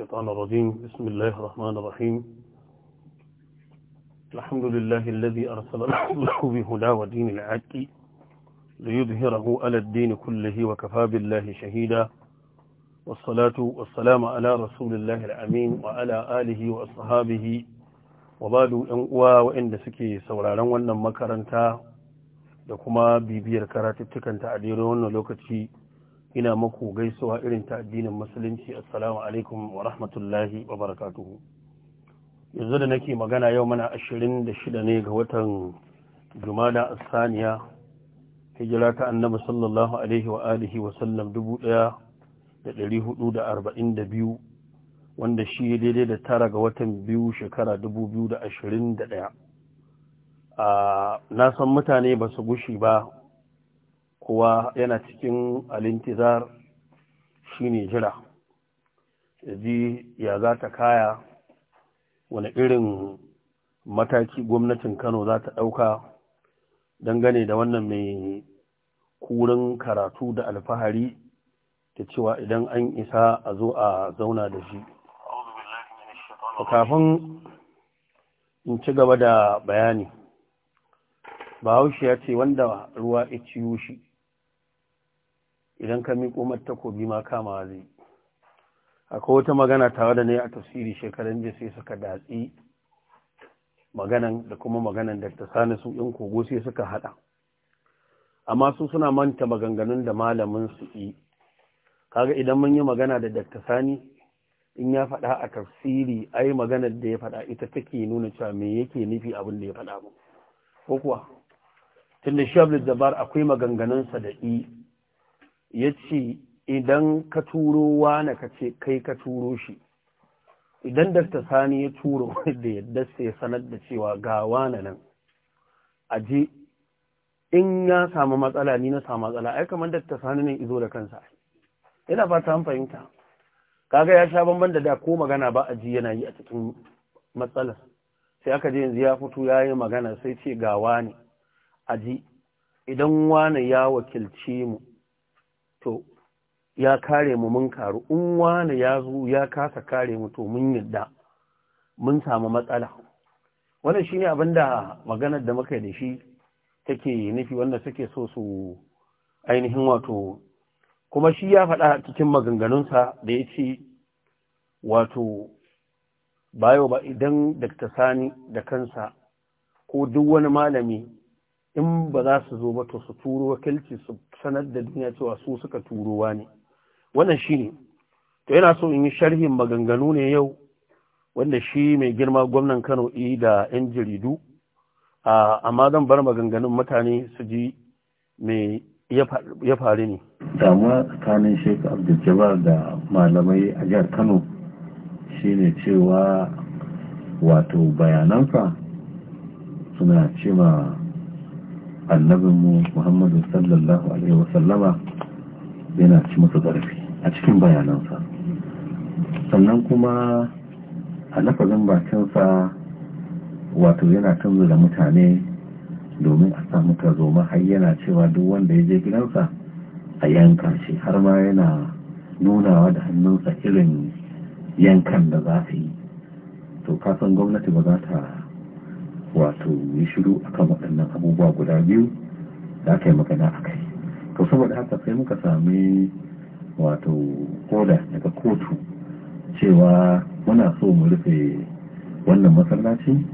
الشيطان الرجيم بسم الله الرحمن الرحيم الحمد لله الذي أرسل الله بهدى ودين العدق ليظهره على الدين كله وكفى بالله شهيدا والصلاة والسلام على رسول الله الأمين وعلى آله وأصحابه وبعد أنقوى وإن سكي سورانا وأن مكرنتا لكما بيبير كراتبتك أنت أديرون لوكتي ina maku gaisuwa irin ta addinin musulunci assalamu alaikum wa rahmatullahi wa barakatuhu yanzu da nake magana yau mana ashirin da shida ne ga watan jumada asaniya hijira ta annabi sallallahu alaihi wa alihi wa sallam dubu ɗaya da ɗari hudu da arba'in da biyu wanda shi daidai da tara ga watan biyu shekara dubu biyu da ashirin da ɗaya. Ah, na san mutane ba su gushi ba kowa yana cikin alintizar ne jira ji ya za ta kaya wani irin mataki gwamnatin kano za ta ɗauka dangane da wannan mai kurin karatu da alfahari ta cewa idan an isa a zo a zauna da shi kafin in ci gaba da bayani bahaushe ya ce wanda ruwa ya ciyo shi idan ka miƙo mata takobi ma kama zai akwai wata magana tare da ne a tafsiri shekaran jiya sai suka datsi maganan da kuma maganan da ta sani su ɗin kogo sai suka haɗa amma su suna manta maganganun da malamin su yi kaga idan mun yi magana da Dr. Sani in ya faɗa a tafsiri ai maganar da ya faɗa ita take nuna cewa me yake nufi abin da ya faɗa ba? ko kuwa tunda Shabul Jabbar akwai maganganun sa da i ya ce idan ka turo wane ka ce kai ka turo shi idan dakta sani ya turo da yadda sai sanar da cewa ga wane nan ji. in ya samu matsala ni na samu matsala ai kamar dakta sani ne izo da kansa ina fata an fahimta kaga ya sha bamban da da ko magana ba ji yana yi a cikin matsalar sai aka je yanzu ya fito ya yi magana sai ce ga wane aji idan wane ya wakilce mu to ya kare mu mun karu in wani ya zo ya kasa kare mu to mun yadda mun samu matsala wannan shine abin da maganar da muka yi da shi take nufi wanda suke so su ainihin wato kuma shi ya faɗa cikin maganganunsa da ya ce wato bayo ba idan dakta sani da kansa ko duk wani malami in ba za su zo ba to su turo wakilci su sanar da duniya cewa su suka turowa ne wannan shi ne to yana so in yi sharhin maganganu ne yau wanda shi mai girma gwamnan kano i e da 'yan jaridu amma zan bar maganganun mutane su ji mai ya faru ne damuwa tsakanin sheikh abdul da malamai a jihar kano shine cewa wato bayananka suna cewa annabinmu muhammadu sallallahu alaihi wasallama yana ci masa zarafi a cikin bayanansa sannan kuma a lafazin bakinsa wato yana da mutane domin a samu tarzoma har yana cewa duk wanda ya je gidansa a yanka shi har ma yana nunawa da hannunsa irin yankan da za su yi to kasan gwamnati ba za ta wato yi shiru akan waɗannan abubuwa guda biyu da aka yi magana a kai to saboda haka sai muka sami wato koda daga kotu cewa muna so mu rufe wannan masallaci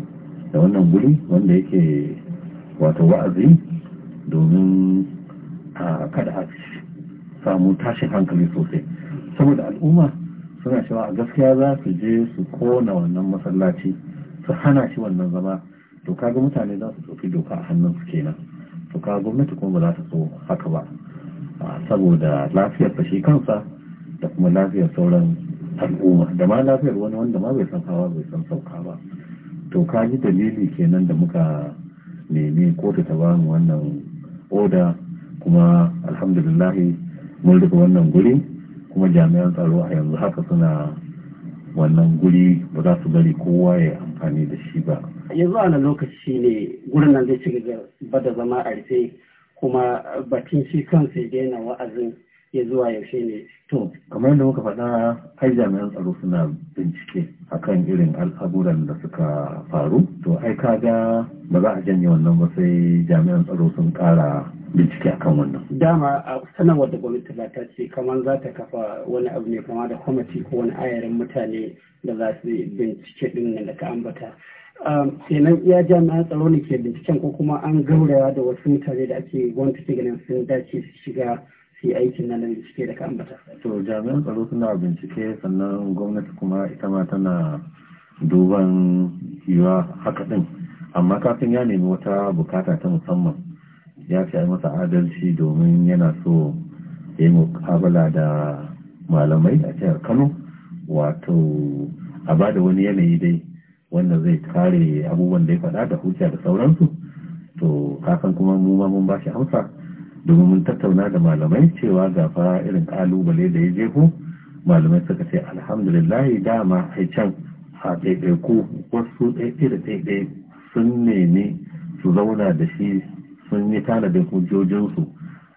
da wannan guri wanda yake wato wa'azi domin a kada a samu tashin hankali sosai saboda al'umma suna cewa a gaskiya za su je su kona wannan masallaci su hana shi wannan zama to kaga mutane za su ɗauki doka a hannunsu kenan to kaga gwamnati kuma ba za ta so haka ba saboda lafiyar ta shi kansa da kuma lafiyar sauran al'umma da ma lafiyar wani wanda ma bai san hawa bai san sauka ba to ka ji dalili kenan da muka nemi kotu ta bamu wannan oda kuma alhamdulillah mun rufe wannan guri kuma jami'an tsaro a yanzu haka suna wannan guri ba za su bari kowa ya amfani da shi ba yanzu a lokaci ne gurin nan zai ci ba da zama a rufe kuma bakin shi kansa ya daina wa'azin ya zuwa yaushe ne to kamar yadda muka faɗa ai jami'an tsaro suna bincike akan irin al'aburan da suka faru to ai kaga ba za a janye wannan ba sai jami'an tsaro sun ƙara bincike kan wannan dama a sanarwar da gwamnati za ta ce kamar za ta kafa wani abu ne kama da kwamiti ko wani ayarin mutane da za su bincike din nan da ka ambata kenan iya jami'an tsaro ne ke binciken ko kuma an gauraya da wasu mutane da ake gwamnati ke ganin sun dace su shiga su yi aikin nan da bincike da ka ambata to jami'an tsaro suna bincike sannan gwamnati kuma ita ma tana duban yiwa haka din amma kafin ya nemi wata bukata ta musamman ya ce masa adalci domin yana so ya yi mukabala da malamai a jihar kano wato a ba da wani yanayi dai wanda zai kare abubuwan da ya faɗa da hujja da sauransu to kasan kuma mu ma mun bashi amsa domin mun tattauna da malamai cewa ga fa irin kalubale da ya jefo malamai suka ce alhamdulillah dama ai can a ɗaiɗaiku wasu ɗaiɗai da sun nemi su zauna da shi sun yi tanadin hujjojinsu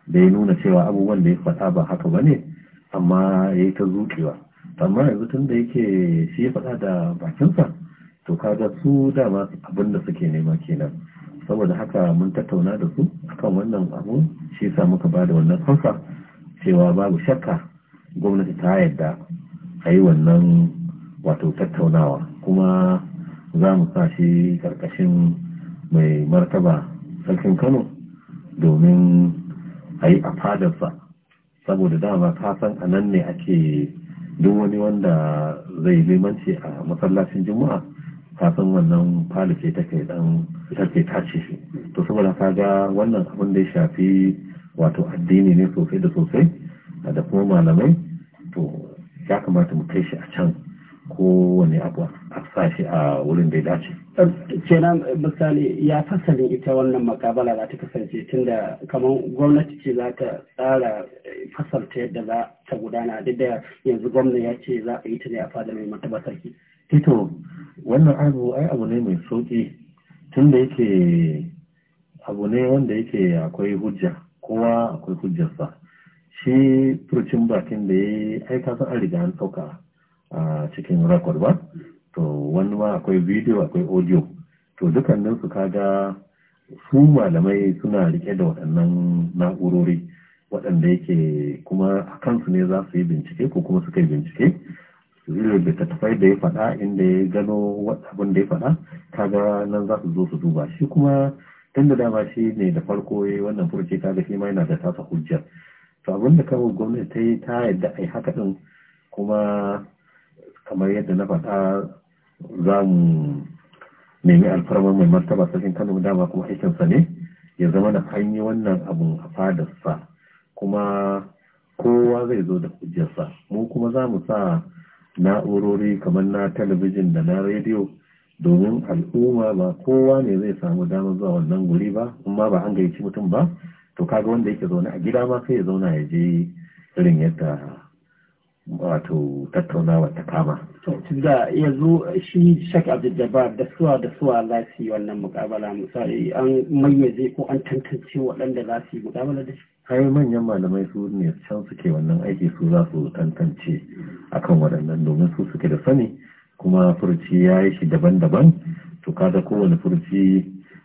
da ya nuna cewa abubuwan da ya faɗa ba haka ba ne amma ya yi ta zuƙewa amma yanzu tun da yake shi ya faɗa da bakinsa to kaga su dama abin da suke nema kenan saboda haka mun tattauna da su akan wannan abu shi sa muka ba da wannan hansa cewa babu shakka gwamnati ta yadda a yi wannan wato tattaunawa kuma za mu sa shi ƙarƙashin mai martaba sarkin kano domin a yi a fadarsa saboda dama ta san a nan ne ake duk wani wanda zai limanci a masallacin juma'a ta san wannan falice take dan ta ce shi to saboda ka ga wannan abin da ya shafi wato addini ne sosai da sosai da kuma malamai to ya kamata mu kai shi a can kowane abu a sashi a wurin da ya dace. kenan misali ya fasalin ita wannan makabala za ta kasance tunda kamar gwamnati ce za ta tsara fasalta yadda za ta gudana duk da yanzu gwamna ya ce za a yi ta ne a fada mai mata sarki. tito wannan abu ai abu ne mai sauki tunda yake abu ne wanda yake akwai hujja kowa akwai hujjarsa shi furcin bakin da ya yi ai kasan an riga an sauka a cikin record ba to wani ma akwai video akwai audio to dukannin su kaga su malamai suna rike da waɗannan na'urori waɗanda yake kuma a kansu ne za su yi bincike ko kuma suka yi bincike littattafai da ya faɗa inda ya gano abin da ya faɗa kaga nan za su zo su duba shi kuma tun da dama shi ne da farko ya wannan furce kaga shi ma yana da tasa hujjar to abin da kawai gwamnati ta yi ta yadda a yi haka ɗin kuma kamar yadda na faɗa za mu nemi alfarma mai martaba sarkin kano dama kuma aikinsa ne ya zama da an wannan abun a fadarsa kuma kowa zai zo da hujjarsa mu kuma za mu sa na'urori kamar na talabijin da na rediyo domin al'umma ba kowa ne zai samu damar zuwa wannan guri ba amma ba an gaici mutum ba to kaga wanda yake zaune a gida ma sai ya zauna ya je irin yadda wato tattaunawa ta kama. da zo shi shak abdul da suwa da suwa za su yi wannan mukabala misali an mayyaze ko an tantance waɗanda za su yi mukabala da shi. Kai manyan malamai su ne can suke wannan aiki su za su tantance akan waɗannan domin su suke da sani kuma furci ya yi shi daban-daban to kaga kowane furci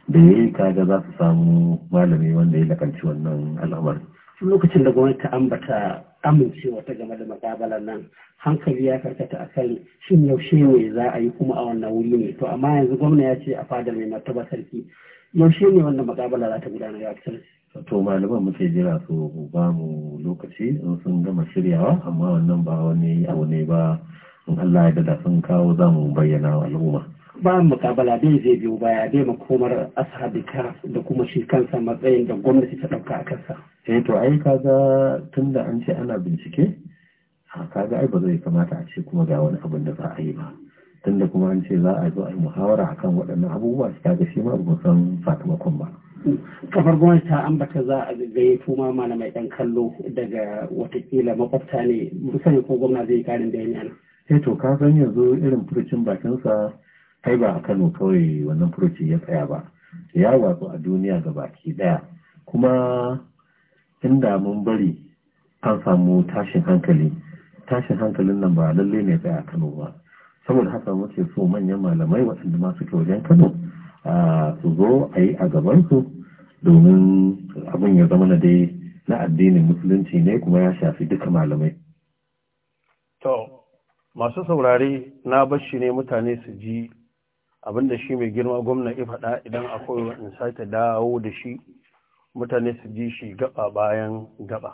da ya yi kaga za su samu malami wanda ya lakanci wannan al'amarin. lokacin da gwamnati ta ambata amincewa ta game da makabalar nan hankali ya karkata a kan shin yaushe ne za a yi kuma a wannan wuri ne to amma yanzu gwamna ya ce a fadar mai martaba sarki yaushe ne wannan makabala za ta gudana ya fi to malaman muke jira su ba mu lokaci in sun gama shiryawa amma wannan ba wani abu ne ba in Allah ya da sun kawo za mu bayyana al'umma ba mukabala dai zai biyo baya dai makomar ashabi kara da kuma shi kansa matsayin da gwamnati ta ɗauka a kansa. eh to ai kaga tun da an ce ana bincike kaga ai ba zai kamata a ce kuma ga wani abin da za a yi ba tun da kuma an ce za a zo a yi muhawara a kan waɗannan abubuwa su kaga shi ma ba san sakamakon ba. kafar gwamnati ta ambata za a gayyato ma malamai ɗan kallo daga watakila makwabta ne musamman ko gwamna zai yi karin bayani ana. eh to ka san yanzu irin furucin bakinsa kai ba a kano kawai wannan furoci ya tsaya ba ya watsu a duniya ga baki daya kuma inda mun bari an samu tashin hankali tashin hankalin nan ba lalle ne tsaya a kano ba saboda haka muke so manyan malamai waɗanda ma suke wajen kano su zo a yi a gabansu domin abin ya zama na dai na addinin musulunci ne kuma ya shafi duka malamai to masu saurari na bashi ne mutane su ji da shi mai girma gwamna ya faɗa idan akwai in sake dawo da shi mutane su ji shi gaba bayan gaba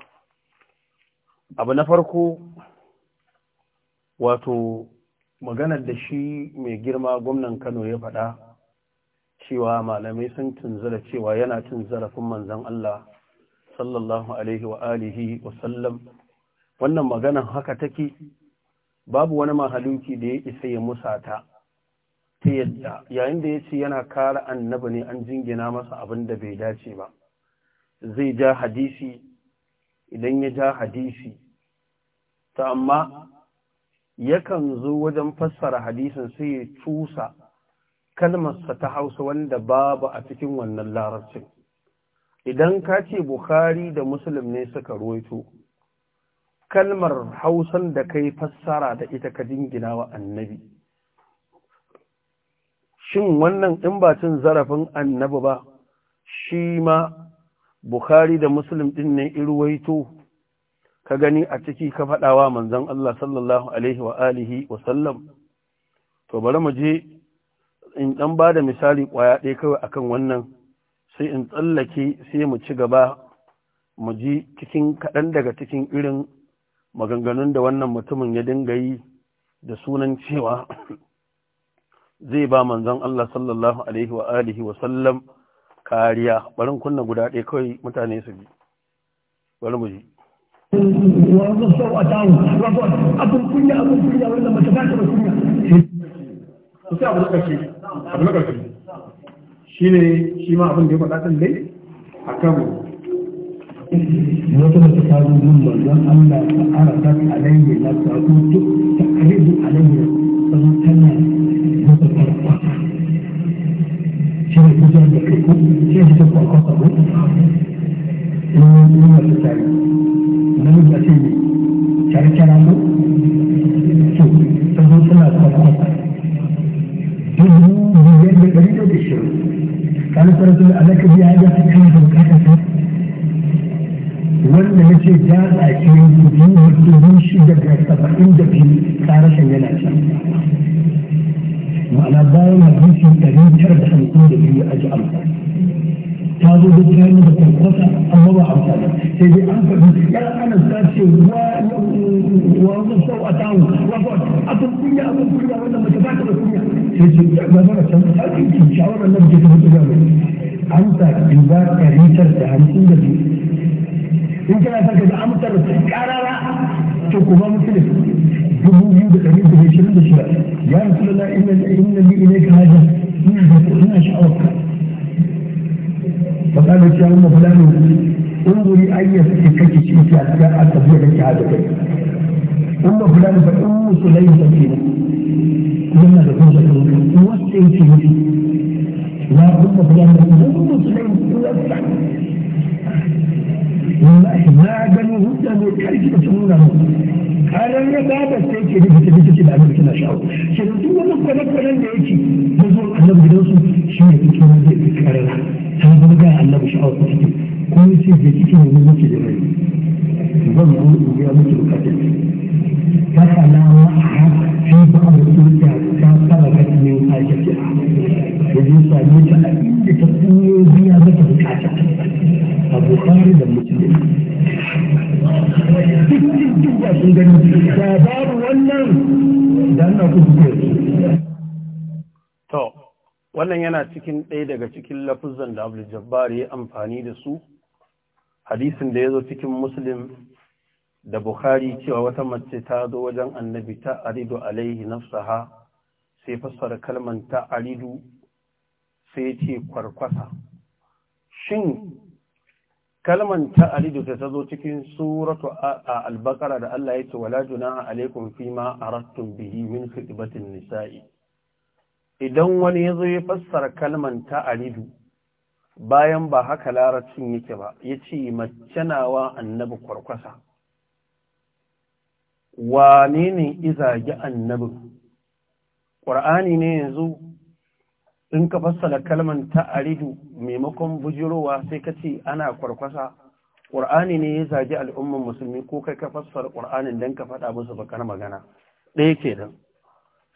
abu na farko wato maganar da shi mai girma gwamnan kano ya faɗa cewa malamai sun tunzara cewa yana cin zarafin manzan Allah sallallahu alaihi wa alihi wa sallam wannan maganar haka take babu wani mahaluki da ya isa ya musata ta yadda yayin da ya ce yana kara annabi ne an jingina masa abin da bai dace ba zai ja hadisi idan ya ja hadisi ta amma yakan zo wajen fassara hadisin sai ya cusa kalmarsa ta hausa wanda babu a cikin wannan larabcin idan ka ce Bukhari da Muslim ne suka ruwaito kalmar hausan da kai fassara da ita ka jingina wa annabi shin wannan in ba cin zarafin annabi ba shi ma bukhari da muslim din ne irwaito ka gani a ciki ka faɗawa manzon Allah sallallahu alaihi wa alihi wa sallam to bari mu je in dan da misali kwaya ɗaya kawai akan wannan sai in tsallake sai mu ci gaba mu ji cikin kaɗan daga cikin irin maganganun da wannan mutumin ya dinga yi da sunan cewa zai ba manzon Allah sallallahu alaihi wa alihi wa sallam kariya barin kunna guda ɗaya kawai mutane su bi bari mu ji wata kunya kunya mace ba ta kunya abu na da ya wata mun Allah ta ta alayhi na ta ku ta alayhi ta ma'ana bayan hadisi ɗari tara da hamsin da biyu a ji amfani ta zo da jami da a amma ba amfani sai dai an faɗi ya ana ta ce wa wa sau a tawo wa ba a tun kunya a tun kunya wannan mace ba ta da kunya sai ce ya ba mara can ta kan ki shawarar nan ke ta mutu da mai amsa duba ɗari tara da hamsin da biyu in kana sa ka ga amsar karara to kuma mutum dubu biyu da ɗari da ashirin da shida ya rasu da ina ina bi ina ka haja ina da ina sha'awar ka faɗa da cewa wannan fulani انظري أي سكتك شئت أتباع التبويع لشهادتك أما فلان فأم سليم سكينة لما تكون سكينة وسعي سكينة لا أم فلان فأم سليم سكينة wallahi na gano hujja mai karfi da nuna mu karan ya baba sai ke rubuta likita da abin kina shawo ke da duk wani kwanan da yake da zo annabi gidansu shi ne kuke mun zai fi karara ta zama ga annabi shawo ta take ko ne ce da kike ne muke da rai zan mu ya muke bukatar ta kana ma'a fi ba'a da ta sabakat min hajati ya je same ta a inda ta tsinyo biya mata bukata a bukari da musulun duk duk da sun gani da babu wannan da ana kuskure to wannan yana cikin ɗaya daga cikin lafuzan da abu jabbar ya amfani da su hadisin da ya zo cikin muslim da bukhari cewa wata mace ta zo wajen annabi ta aridu alaihi nafsaha sai fassara kalman ta aridu sai ce kwarkwasa shin kalman ta aridu ta zo cikin suratu a albakara da Allah ya ce wala junaha alaikum fima arattum bihi min khitbatin nisa'i idan wani ya zo ya fassara kalman ta aridu bayan ba haka laracin yake ba ya ce mace nawa annabi kwarkwasa wane ne izage annabin ƙur'ani ne yanzu in ka fassara kalman ta'aridu maimakon bujirowa sai ka ce ana kwarkwasa ƙur'ani ne ya zagi al'ummar musulmi ko kai ka fassara ƙur'anin don ka faɗa musu bakar magana ɗaya ke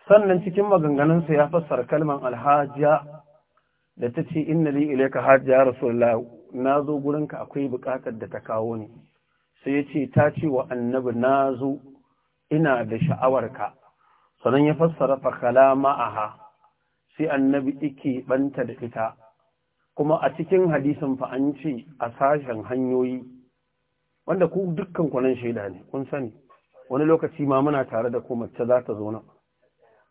sannan cikin maganganunsa ya fassara kalman alhajiya da ta ce inna li ilaika hajiya rasulullah na zo gurinka akwai buƙatar da ta kawo ni sai ya ce ta ce wa annabi na zo ina da sha'awarka sannan ya fassara fakala ma'aha sai annabi ike banta da ita kuma a cikin hadisin fa an ce a sashen hanyoyi wanda ku dukkan nan shaida ne kun sani wani lokaci ma muna tare da ku mace za ta zo nan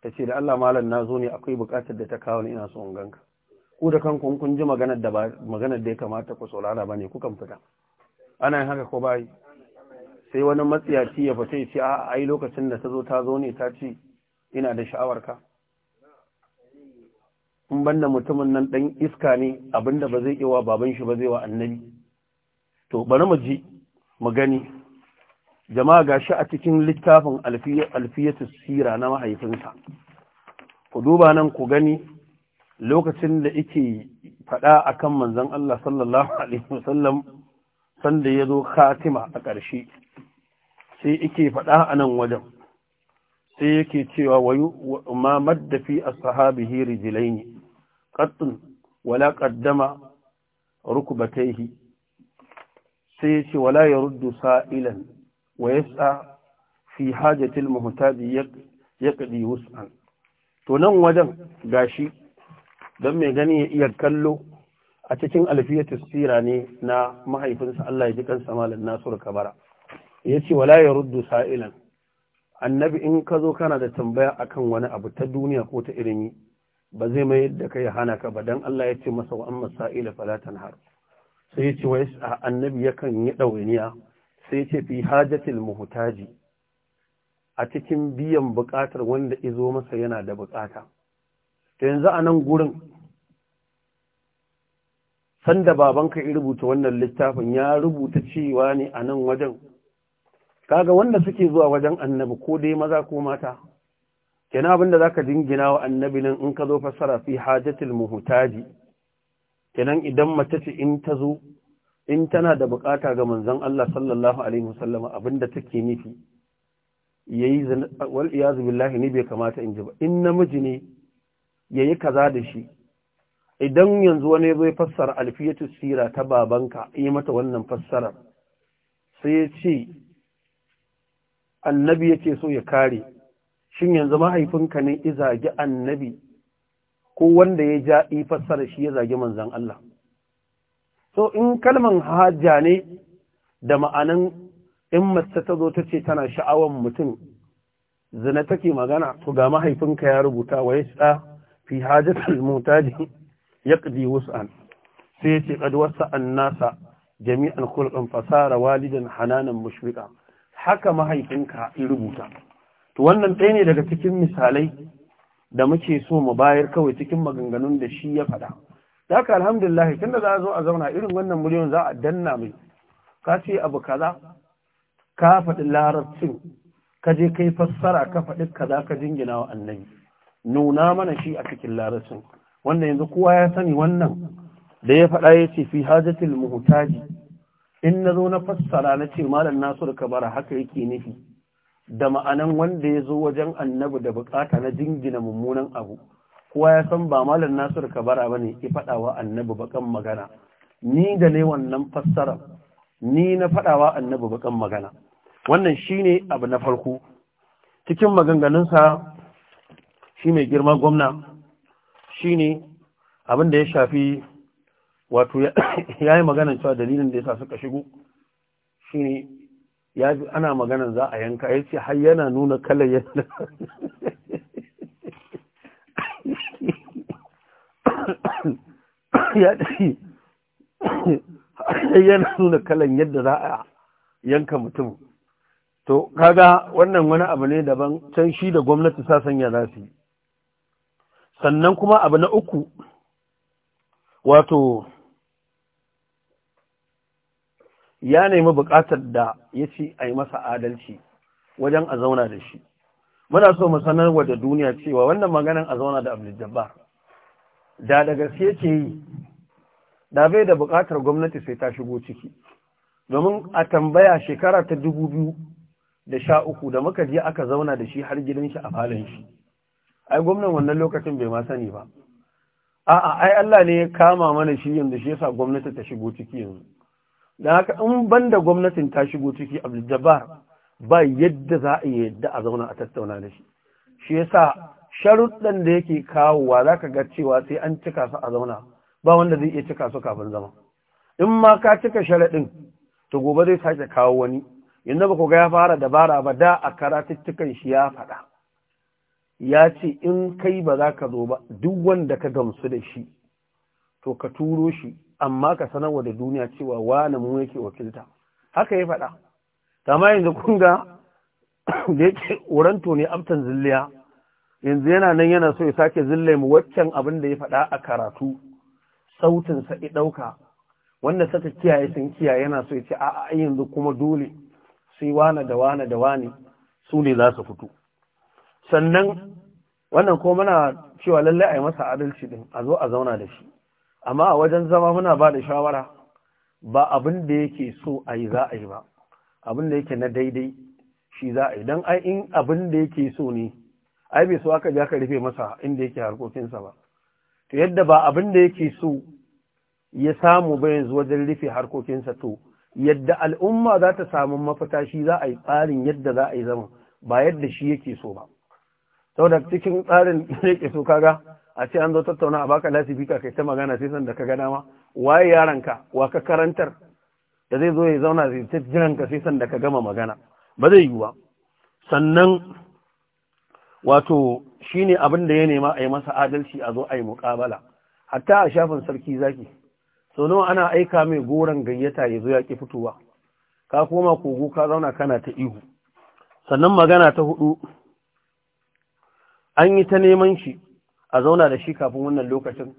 ta ce da Allah malam na zo ne akwai bukatar da ta kawo ni ina so in ganka ku da kanku kun ji maganar da maganar da ya kamata ku saurara bane ku kan fita ana yin haka ko bai sai wani matsiyaci ya fita ya ce a ai lokacin da ta zo ta zo ne ta ce ina da sha'awarka in banda mutumin nan ɗan iska ne abinda ba zai iya baban shi ba zai wa annabi to bari mu ji mu gani jama'a gashi a cikin littafin alfiyatu sira na mahaifinsa ku duba nan ku gani lokacin da yake faɗa akan manzon Allah sallallahu alaihi wasallam sanda ya zo khatima a ƙarshe sai yake faɗa anan nan wajen sai yake cewa wayu ma madda fi ashabihi rijlain qattun wala qaddama rukbatayhi sai yace wala yaruddu sa'ilan wa yas'a fi hajatil muhtaji yaqdi wus'an to nan wajen gashi dan mai gani ya iya kallo a cikin alfiyatu sira ne na mahaifinsa Allah ya ji kansa malam nasur Kabara yace wala yaruddu sa'ilan annabi in ka zo kana da tambaya akan wani abu ta duniya ko ta ilimi ba zai mai yadda ka ya hana ka ba Don Allah ya ce masa wa amma sa'ila fala tanhar sai ya ce wa annabi yakan yi ɗawainiya sai ya ce fi hajatil muhtaji a cikin biyan buƙatar wanda izo masa yana da buƙata to yanzu a nan gurin sanda babanka ya rubuta wannan littafin ya rubuta cewa ne a nan wajen kaga wanda suke zuwa wajen annabi ko dai maza ko mata kenan abinda zaka dingina wa annabi nan in ka zo fassara fi hajatil muhtaji kenan idan mace ce in ta zo in tana da bukata ga manzon Allah sallallahu alaihi wasallama abinda take nufi yayi wal iyaz billahi ni bai kamata in ji ba in namiji ne yayi kaza da shi idan yanzu wani zai fassara alfiyatu sira ta babanka yi mata wannan fassarar sai ya ce annabi yake so ya kare shin yanzu mahaifinka ne ya zagi annabi ko wanda ya ja ifassara shi ya zagi manzan Allah so in kalman hajja ne da ma'anan in mace ta zo ta ce tana sha'awan mutum zina take magana to ga mahaifinka ya rubuta wa ya sa ah, fi hajjatul mutaji yaqdi wus'an sai ya ce qad wasa annasa jami'an khulqan fasara walidan hananan mushfiqa haka mahaifinka ya rubuta to wannan ɗaya ne daga cikin misalai da muke so mu bayar kawai cikin maganganun da shi ya faɗa da haka alhamdulillah tun da za a zo a zauna irin wannan miliyon za a danna mai ka ce abu kaza ka faɗi larabcin ka je kai fassara ka faɗi kaza ka jingina wa annabi nuna mana shi a cikin larabcin wannan yanzu kowa ya sani wannan da ya faɗa ya ce fi hajatil muhtaji in na zo na fassara na ce malam nasiru kabara haka yake nufi da ma'anan wanda ya zo wajen annabi da bukata na jingina mummunan abu kowa ya san ba malam nasiru kabara ba ne ya faɗawa annabi bakan magana ni da ne wannan fassara ni na faɗawa annabi bakan magana wannan shi ne abu na farko cikin maganganunsa shi mai girma gwamna shi ne abin da ya shafi wato ya yi maganan cewa dalilin da ya sa suka shigo shi ne ya fi ana maganan za a yanka ya ce har yana nuna kalar yadda ya har yana nuna kalan yadda za a yanka mutum to kaga wannan wani abu ne daban can shi da gwamnati sa sanya za su yi sannan kuma abu na uku wato ya nemi buƙatar da ya ce a yi masa adalci wajen a zauna da shi muna so mu sanar da duniya cewa wannan maganin a zauna da abdul da daga gaske ce yi da bai da buƙatar gwamnati sai ta shigo ciki domin a tambaya shekara ta dubu biyu da sha uku da muka je aka zauna da shi har gidan shi a falon shi ai gwamnan wannan lokacin bai ma sani ba a'a ai Allah ne ya kama mana shi yanzu shi yasa gwamnati ta shigo ciki yanzu da haka in banda gwamnatin ta shigo ciki abdul ba yadda za a yadda a zauna a tattauna da shi shi yasa sharuɗan da yake kawowa za ka ga cewa sai an cika su a zauna ba wanda zai iya cika su kafin zama in ma ka cika sharaɗin to gobe zai sake kawo wani yanzu ba ku ga ya fara dabara ba da a karatuttukan shi ya faɗa ya ce in kai ba za ka zo ba duk wanda ka gamsu da shi to ka turo shi amma ka sanar wa da duniya cewa wane mu yake wakilta haka ya faɗa kama yanzu kun ga da yake wuranto ne amtan zilliya yanzu yana nan yana so ya sake zille mu waccan abin da ya faɗa a karatu sautinsa ya ɗauka wanda saka kiyaye sun kiyaye yana so ya ce a'a yanzu kuma dole sai wane da wane da wane su ne za su fito sannan wannan ko muna cewa lallai a yi masa adalci din a zo a zauna da shi amma a wajen zama muna ba da shawara ba abin da yake so a yi za a yi ba abin da yake na daidai shi za a yi don ai in abin da yake so ne ai bai so aka ji aka rufe masa inda yake harkokinsa ba to yadda ba abin da yake so ya samu ba yanzu wajen rufe harkokinsa to yadda al'umma za ta samu mafita shi za a yi tsarin yadda za a yi zama ba yadda shi yake so ba saboda cikin tsarin da yake so kaga a ce an zo tattauna a baka lasifika kai ta magana sai san da ka ga dama waye yaranka wa ka karantar da zai zo ya zauna zai ta ka sai san da ka gama magana ba zai yiwu ba sannan wato shine abin da ya nema a yi masa adalci a zo a yi muƙabala hatta a shafin sarki zaki sau nawa ana aika mai goron gayyata ya zo ya ki fitowa ka koma kogo ka zauna kana ta ihu sannan magana ta hudu an yi ta neman shi a zauna da shi kafin wannan lokacin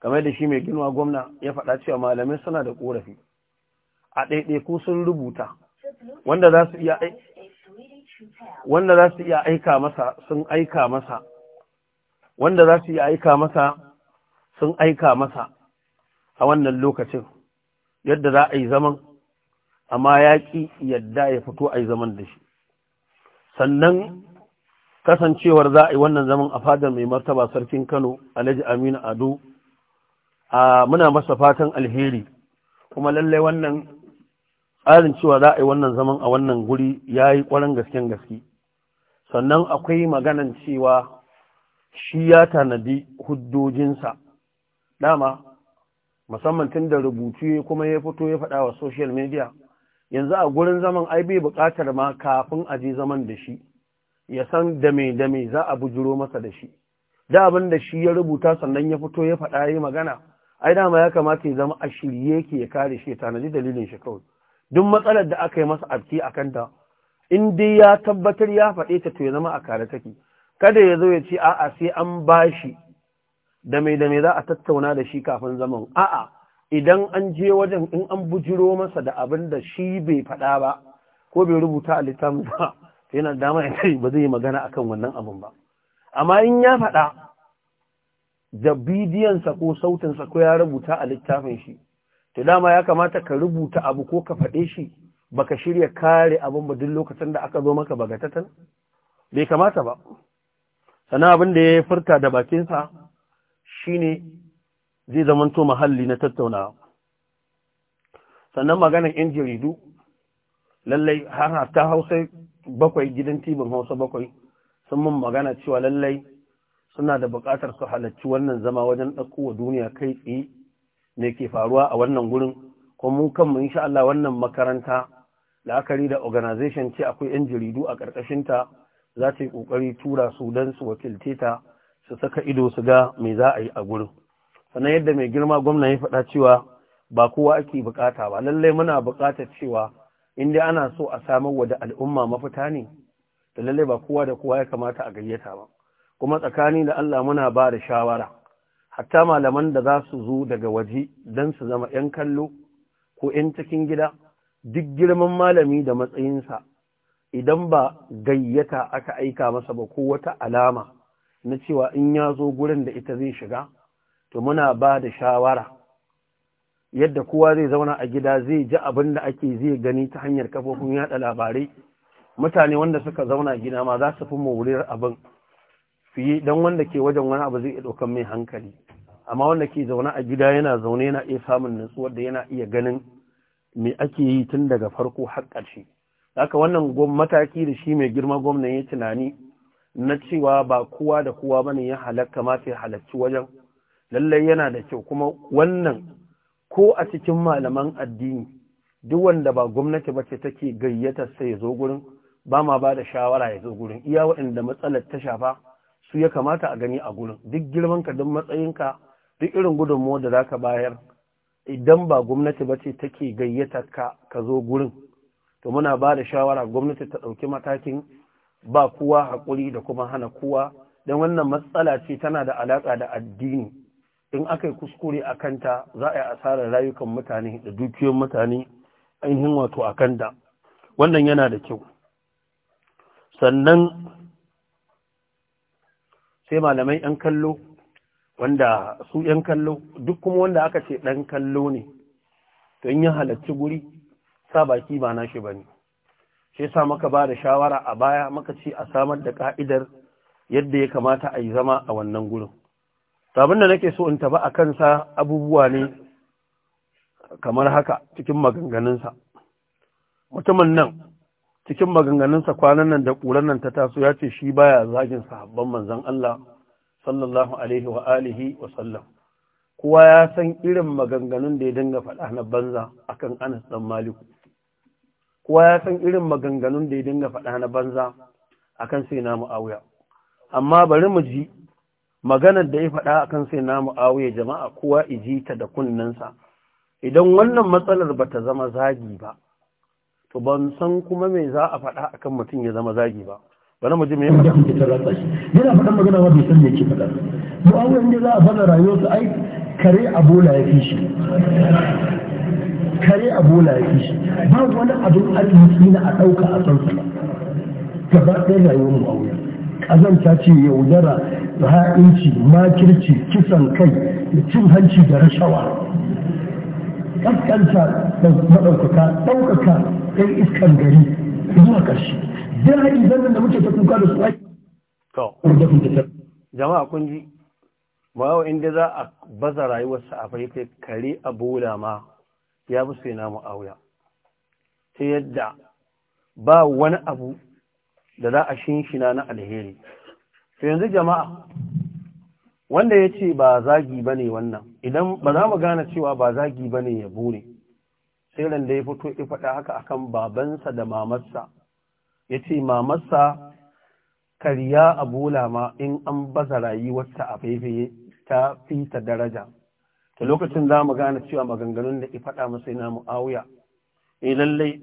kamar da shi mai girma gwamna ya faɗa cewa malamai suna da korafi a ɗaiɗaiku sun rubuta wanda za su wanda za su iya aika masa sun aika masa wanda za su iya aika masa sun aika masa a wannan lokacin yadda za a yi zaman amma ya ƙi yadda ya fito a yi zaman da shi sannan kasancewar za a yi wannan zaman a fadar mai martaba sarkin Kano Alhaji Aminu Ado a muna masa fatan alheri kuma lallai wannan tsarin cewa za a yi wannan zaman a wannan guri ya yi ƙwarin gasken gaske sannan akwai maganan cewa shi ya tanadi huddojinsa dama musamman tun da rubutu ya kuma ya fito ya faɗa wa social media yanzu a gurin zaman ai bai buƙatar ma kafin a je zaman da shi ya san dame-dame za a bujiro masa da shi da abin da shi ya rubuta sannan ya fito ya faɗa ya yi magana ai dama ya kamata ya zama a shirye yake ya kare shi ya tanadi dalilin shi kawai duk matsalar da aka yi masa abki a kanta in dai ya tabbatar ya faɗe ta to ya zama a kare take kada ya zo ya ce a'a sai an bashi da mai da mai za a tattauna da shi kafin zaman a'a idan an je wajen in an bujiro masa da abin da shi bai faɗa ba ko bai rubuta a littafin ba yana dama ya ce ba zai yi magana akan wannan abin ba amma in ya faɗa da bidiyonsa ko sautinsa ko ya rubuta a littafin shi to dama ya kamata ka rubuta abu ko ka faɗe shi baka shirya kare abin ba duk lokacin da aka zo maka bagatatan bai kamata ba sana abin da ya furta da bakinsa shine zai zamanto muhalli na tattaunawa sannan maganar yan jaridu lallai har ta hausa bakwai gidan tibin hausa bakwai sun mun magana cewa lallai suna da buƙatar su halarci wannan zama wajen ɗauko wa duniya kai tsaye ne ke faruwa a wannan gurin kuma mu kanmu insha Allah wannan makaranta la'akari da organization ce akwai 'yan jaridu a ƙarƙashinta za ta yi ƙoƙari tura su dan su wakilce ta su saka ido su ga me za a yi a gurin sannan yadda mai girma gwamna ya faɗa cewa ba kowa ake buƙata ba lallai muna buƙatar cewa In dai ana so a samar wa da al'umma mafita ne da lalle ba kowa da kowa ya kamata a gayyata ba kuma tsakani da Allah muna ba da shawara hatta malaman da za su zo daga waje don su zama ‘yan kallo ko ‘yan cikin gida duk girman malami da matsayinsa idan ba gayyata aka aika masa ba ko wata alama na cewa in ya zo gurin da ita zai shiga to muna ba da shawara yadda kowa zai zauna a gida zai ji abin da ake zai gani ta hanyar kafofin yada labarai mutane wanda suka zauna gida ma za su fi mawuriyar abin fiye don wanda ke wajen wani abu zai iya ɗaukan mai hankali amma wanda ke zaune a gida yana zaune yana iya samun nutsuwar da yana iya ganin me ake yi tun daga farko har ƙarshe haka wannan mataki da shi mai girma gwamnan ya tunani na cewa ba kowa da kowa bane ya halakka ma sai halarci wajen lallai yana da kyau kuma wannan ko a cikin malaman addini duk wanda ba gwamnati ba ce take gayyata sai ya zo gurin ba ma ba da shawara ya zo gurin iya waɗanda matsalar ta shafa su ya kamata a gani a gurin duk girman girmanka duk matsayinka duk irin gudunmuwa da za ka bayar idan ba gwamnati ba ce take gayyata ka ka zo gurin to muna ba da shawara gwamnati ta ɗauki matakin ba kowa haƙuri da kuma hana kowa don wannan matsala ce tana da alaƙa da addini in aka yi kuskure a kanta za a yi asarar rayukan mutane da dukiyoyin mutane ainihin wato a kanta wannan yana da kyau sannan sai malamai 'yan kallo wanda su 'yan kallo duk kuma wanda aka ce ɗan kallo ne to in yi halarci guri sa baki ba shi ba ne shi sa maka ba da shawara a baya maka ce a samar da ka'idar yadda ya kamata a yi zama a wannan gurin to abin da nake so in taba a kansa abubuwa ne kamar haka cikin maganganunsa mutumin nan cikin maganganunsa kwanan nan da ƙuran nan ta taso ya ce shi baya zagin sahabban manzon Allah sallallahu alaihi wa alihi wa sallam kowa ya san irin maganganun da ya dinga faɗa na banza akan Anas dan Malik kowa ya san irin maganganun da ya dinga faɗa na banza akan Sayyidina Muawiya amma bari mu ji maganar da ya faɗa a kan sai na mu'awiyar jama'a kowa iji ta da kunnensa idan wannan matsalar ba ta zama zagi ba to ban san kuma mai za a faɗa akan mutum ya zama zagi ba bari mu ji me ya faɗa yana faɗan magana ba ya san me yake faɗa mu'awiyar inda za a faɗa rayuwarsa ai kare a bola ya fi shi kare bola ya fi shi ba wani abin arziki na a ɗauka a sansa ba gaba ɗaya rayuwar mu'awiyar ƙazanta ce yaudara ha'inci makirci kisan kai da cin hanci da rashawa kaskanta da maɗaukaka ɗaukaka ɗan iskan gari zuwa ƙarshe zai haɗi zanen da muke ta kuka da su aiki jama'a kun ji ba inda za a baza rayuwarsa a kai kare a bola ma ya fi sai namu auya ta yadda ba wani abu da za a shinshina na alheri to yanzu jama'a wanda ya ce ba zagi ba ne wannan idan ba za mu gane cewa ba zagi ba ne ya bure sai randa ya fito ya faɗa haka akan babansa da mamarsa ya ce mamarsa karya a bola ma in an baza rayuwarta a faifaye ta fi ta daraja ta lokacin za mu gane cewa maganganun da ya faɗa masa yana mu'awuya eh lallai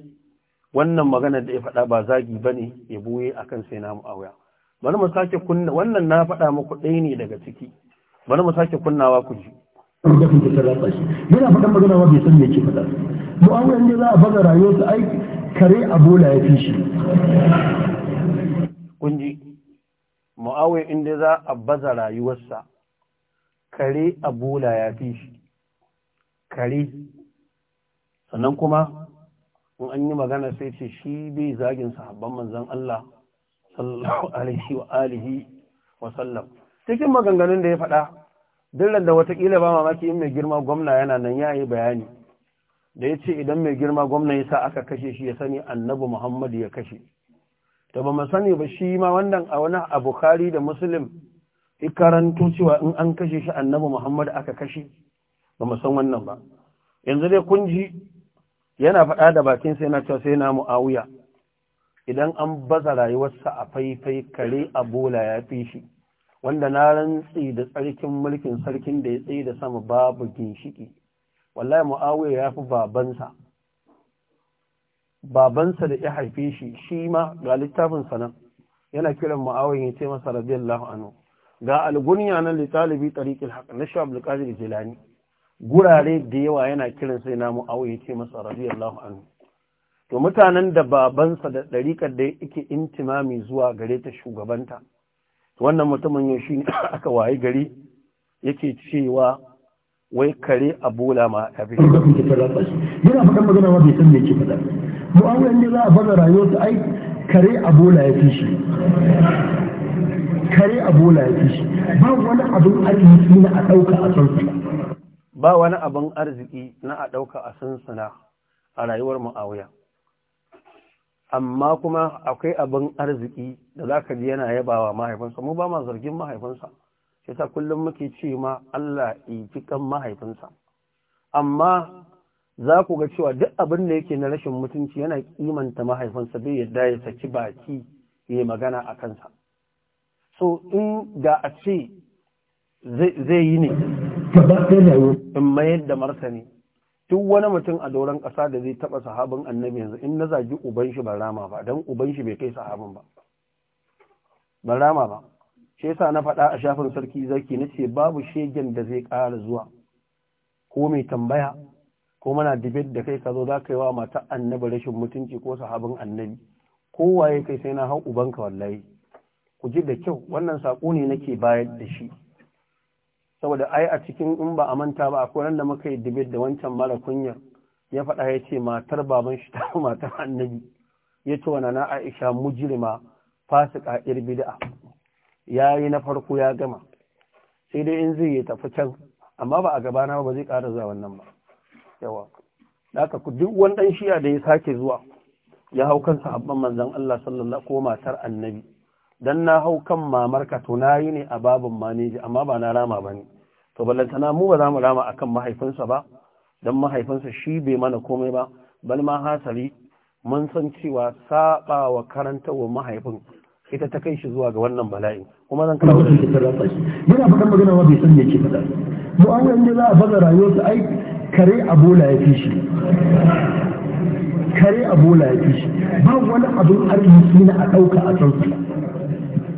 wannan magana da ya faɗa ba zagi ba ne ya buye akan sai na mu'awuya bari mu sake kunna wannan na faɗa muku ɗaya ne daga ciki bari mu sake kunnawa ku ji yana faɗan magana wa bai san me ke faɗa wani ne za a faɗa rayuwarsa ai kare a bola ya fi shi kun ji inda za a baza rayuwarsa kare a bola ya fi shi kare sannan kuma in an yi magana sai ce shi bai zagin sahabban manzan Allah sallallahu alaihi wa alihi wa sallam cikin maganganun da ya faɗa dillan da watakila ba mamaki in mai girma gwamna yana nan ya yi bayani da ya ce idan mai girma gwamna ya sa aka kashe shi ya sani annabi muhammadu ya kashe To ba mu sani ba shi ma wannan a wani a bukari da muslim ikaranto cewa in an kashe shi annabi muhammadu aka kashe ba mu san wannan ba yanzu dai kun ji yana faɗa da bakin sai na cewa sai na mu'awiya idan an baza rayuwarsa a faifai kare a bola ya fi shi wanda na rantsi da tsarkin mulkin sarkin da ya tsaye da sama babu ginshiki wallahi mu'awiya ya fi babansa babansa da ya haife shi shi ma ga littafin sanan yana kiran mu'awiya ya ce masa radiyallahu anhu ga algunya na talibi tariqil haq na shi abdul qadir jilani gurare da yawa yana kiran sai na mu'awiya ya ce masa radiyallahu anhu to mutanen da babansa da ɗariƙar da yake intimami zuwa gare ta shugabanta wannan mutumin yau shi ne aka waye gari yake cewa wai kare a bola ma abin yana faɗan magana ma bai san me yake faɗa mu'awiya ne za a baza rayuwarsa ai kare a bola ya fi shi kare a ya fi shi ba wani abin arziki na a ɗauka a sansana ba wani abin arziki na a ɗauka a sansana a rayuwar mu'awiya amma kuma akwai abin arziki da za ka ji yana yabawa mahaifinsa mu ba ma zargin mahaifinsa shi sa kullum muke ce ma Allah kan mahaifinsa amma za ku ga cewa duk abin da yake na rashin mutunci yana kimanta mahaifinsa bai yadda ya saki baki ya magana a kansa so in ga a ce zai yi ne in mayar da martani duk wani mutum a doron ƙasa da zai taɓa sahabin annabi yanzu in na zagi uban shi ban rama ba don uban shi bai kai sahabin ba ban rama ba shi yasa na faɗa a shafin sarki zaki na ce babu shegen da zai ƙara zuwa ko mai tambaya ko mana dibet da kai ka zo za ka yi wa mata annabi rashin mutunci ko sahabin annabi Ko kowaye kai sai na hau ubanka wallahi ku ji da kyau wannan saƙo ne nake bayar da shi saboda ai a cikin in ba a manta ba akwai ran da muka yi debate da wancan mara kunyar ya faɗa ya ce matar baban shi ta matar annabi ya ce wana na aisha mujirma fasika ir bid'a ya yi na farko ya gama sai dai in zai tafi can amma ba a gabana ba zai ƙara zuwa wannan ba yawa haka ku duk wani ɗan shiya da ya sake zuwa ya hau kansa abban manzon Allah sallallahu ko matar annabi dan na hau kan mamarka to na yi ne a babin maneji amma ba na rama ba ne to ballantana mu ba za mu rama akan mahaifinsa ba dan mahaifinsa shi bai mana komai ba bal ma hasali mun san cewa saba wa wa mahaifin ita ta kai shi zuwa ga wannan bala'i kuma zan kawo shi da rafa shi yana fakan magana ba bai san yake faɗa mu an yanzu za a faɗa rayuwarsa ai kare abola ya fi shi kare abola ya fi shi ba wani abin arziki na a ɗauka a san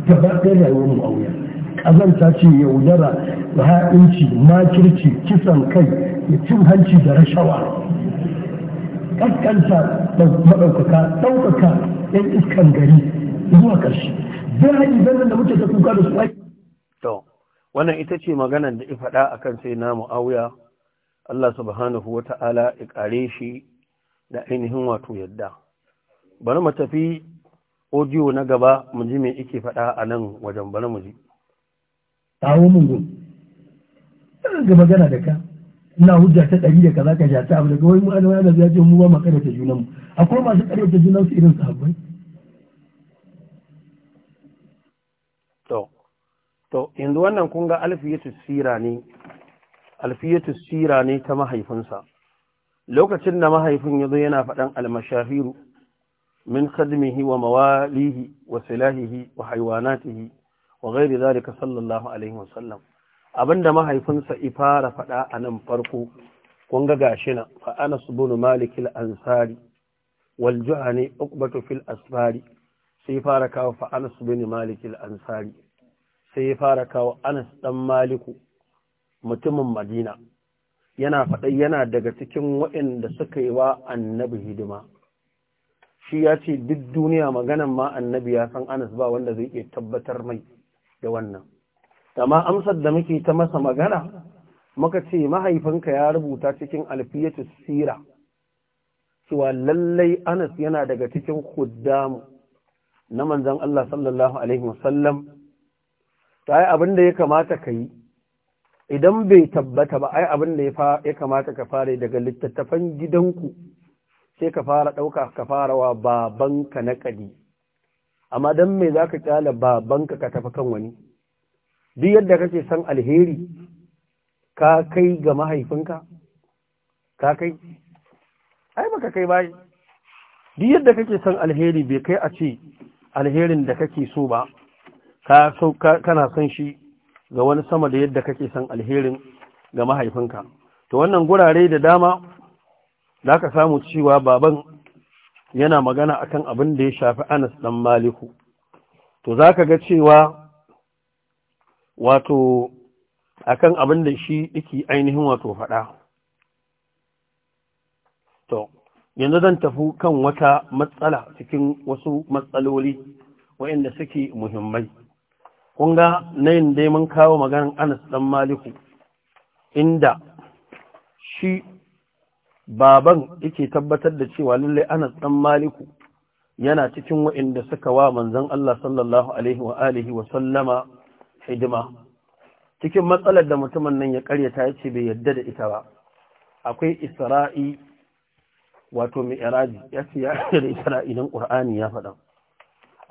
gaba rayuwar mu ƙazanta ce yaudara ha'inci makirci kisan kai da cin hanci da rashawa kaskanta da maɗaukaka ɗaukaka yan iskan gari zuwa ƙarshe zai zan da muke ta kuka da su to wannan ita ce maganar da faɗa a kan sai na mu'awiya Allah subhanahu wa ta'ala ya ƙare shi da ainihin wato yadda bari mu tafi audio na gaba mu ji me yake faɗa a nan wajen bana mu ji kawo mun go ga magana da ka ina hujja ta ɗari da kaza ka jata abu daga wai mu ana da zai mu ba makara ta junan mu akwai masu kare ta junan su irin sahabbai to to yanzu wannan kun ga alfiyatu sira ne alfiyatu sira ne ta mahaifinsa lokacin da mahaifin ya zo yana faɗan almashafiru من خدمه ومواليه وسلاهه وحيواناته وغير ذلك صلى الله عليه وسلم abinda mahaifinsa ifara faɗa a nan farko kun ga gashi na fa anas bin malikil ansari wal juhani uqbatu fil asfari sai fara kawo fa anas bin malikil ansari sai fara kawo anas dan maliku mutumin madina yana faɗa yana daga cikin waɗanda suka yi wa annabi hidima shi ya ce duk duniya maganan ma annabi ya san anas ba wanda zai iya tabbatar mai da wannan amma amsar da muke ta masa magana muka ce mahaifinka ya rubuta cikin alfiyatu sira cewa lallai anas yana daga cikin kuddamu na manzan Allah sallallahu alaihi wasallam ta yi abin da ya kamata ka yi idan bai tabbata ba ai abin da ya kamata ka fara daga littattafan gidanku sai ka fara ɗauka ka fara wa babanka na ƙadi amma don mai za ka ƙyala babanka ka tafi kan wani duk yadda kake san alheri ka kai ga mahaifinka ka kai ai baka kai bai duk yadda kake san alheri bai kai a ce alherin da kake so ba ka kana son shi ga wani sama da yadda kake san alherin ga mahaifinka to wannan gurare da dama da aka samu cewa baban yana magana akan abin da ya shafi anas ɗan maliku to za ka ga cewa wato akan abin da shi yake ainihin wato faɗa to yanzu zan tafi kan wata matsala cikin wasu matsaloli waɗanda suke muhimmai kun ga nayin dai mun kawo maganar anas ɗan maliku inda shi baban yake tabbatar da cewa lalle Anas dan Maliku yana cikin wa'inda suka wa manzon Allah sallallahu alaihi wa alihi wa sallama hidima cikin matsalar da mutumin nan ya karyata yace bai yadda da ita ba akwai Isra'i wato mi'raji yace ya da Isra'i nan Qur'ani ya faɗa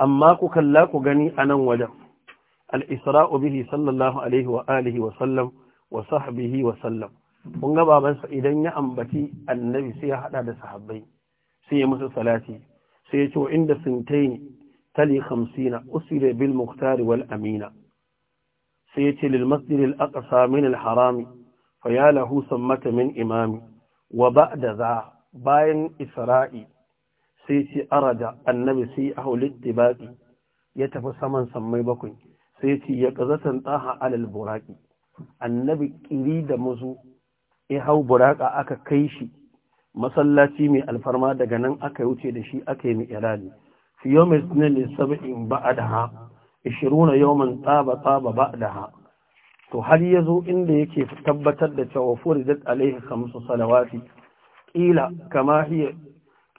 amma ku kalla ku gani anan wajen al-Isra'u bihi sallallahu alaihi wa alihi wa sallam wa sahbihi wa sallam kun ga babansa idan ya ambaci annabi sai ya hada da sahabbai sai ya musu salati sai ya ce wa inda sintaini tali khamsina usira bil muhtar wal amina sai ya ce lil masjid al aqsa min al harami fa ya lahu sammata min imami wa ba'da za bayan isra'i sai ce araja annabi sai ya hau littibaqi ya tafi saman sammai bakwai sai ce ya qazatan taha alal buraqi annabi kiri da muzu ya hau buraka aka kai shi masallaci mai alfarma daga nan aka wuce da shi aka yi mi'irani fi yawmin da ha ba'daha 20 yawman tsaba tsaba da ha? to har ya zo inda yake tabbatar da cewa furidat alaihi kamsu salawati qila kama hiya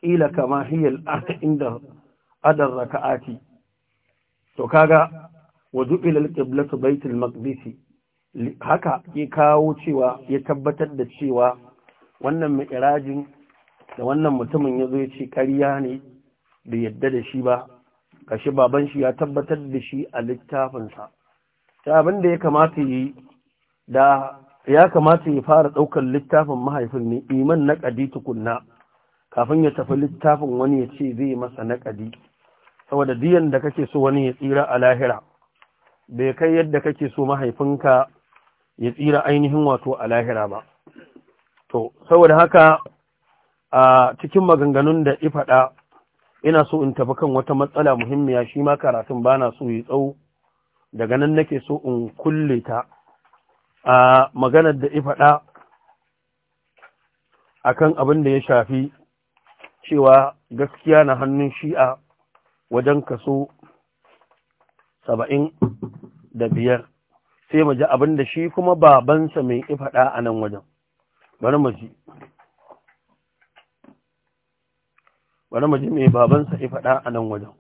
qila kama hiya al-ard inda adar raka'ati to kaga wadu ila al-qiblatu baitul maqdisi haka ya kawo cewa ya tabbatar da cewa wannan mi'irajin da wannan mutumin ya zo ya ce ƙarya ne da yadda da shi ba kashi baban shi ya tabbatar da shi a littafinsa ta abin da ya kamata ya fara ɗaukar littafin mahaifin ne iman ƙadi tukunna kafin ya tafi littafin wani ya ce zai masa ƙadi saboda diyan da kake so wani ya tsira a lahira bai kai yadda kake so mahaifinka ya tsira ainihin wato a lahira ba to saboda haka a cikin maganganun da ifaɗa ina so in tafi kan wata matsala muhimmiya shi ma karatun bana so yi tsawo daga nan nake so in kulle ta a maganar da ifaɗa akan abin da ya shafi cewa gaskiya na hannun shi'a wajen kaso saba'in da biyar sai mu ji abin da shi kuma babansa mai ifada a nan wajen bari mu ji bari mu ji mai babansa ifada a nan wajen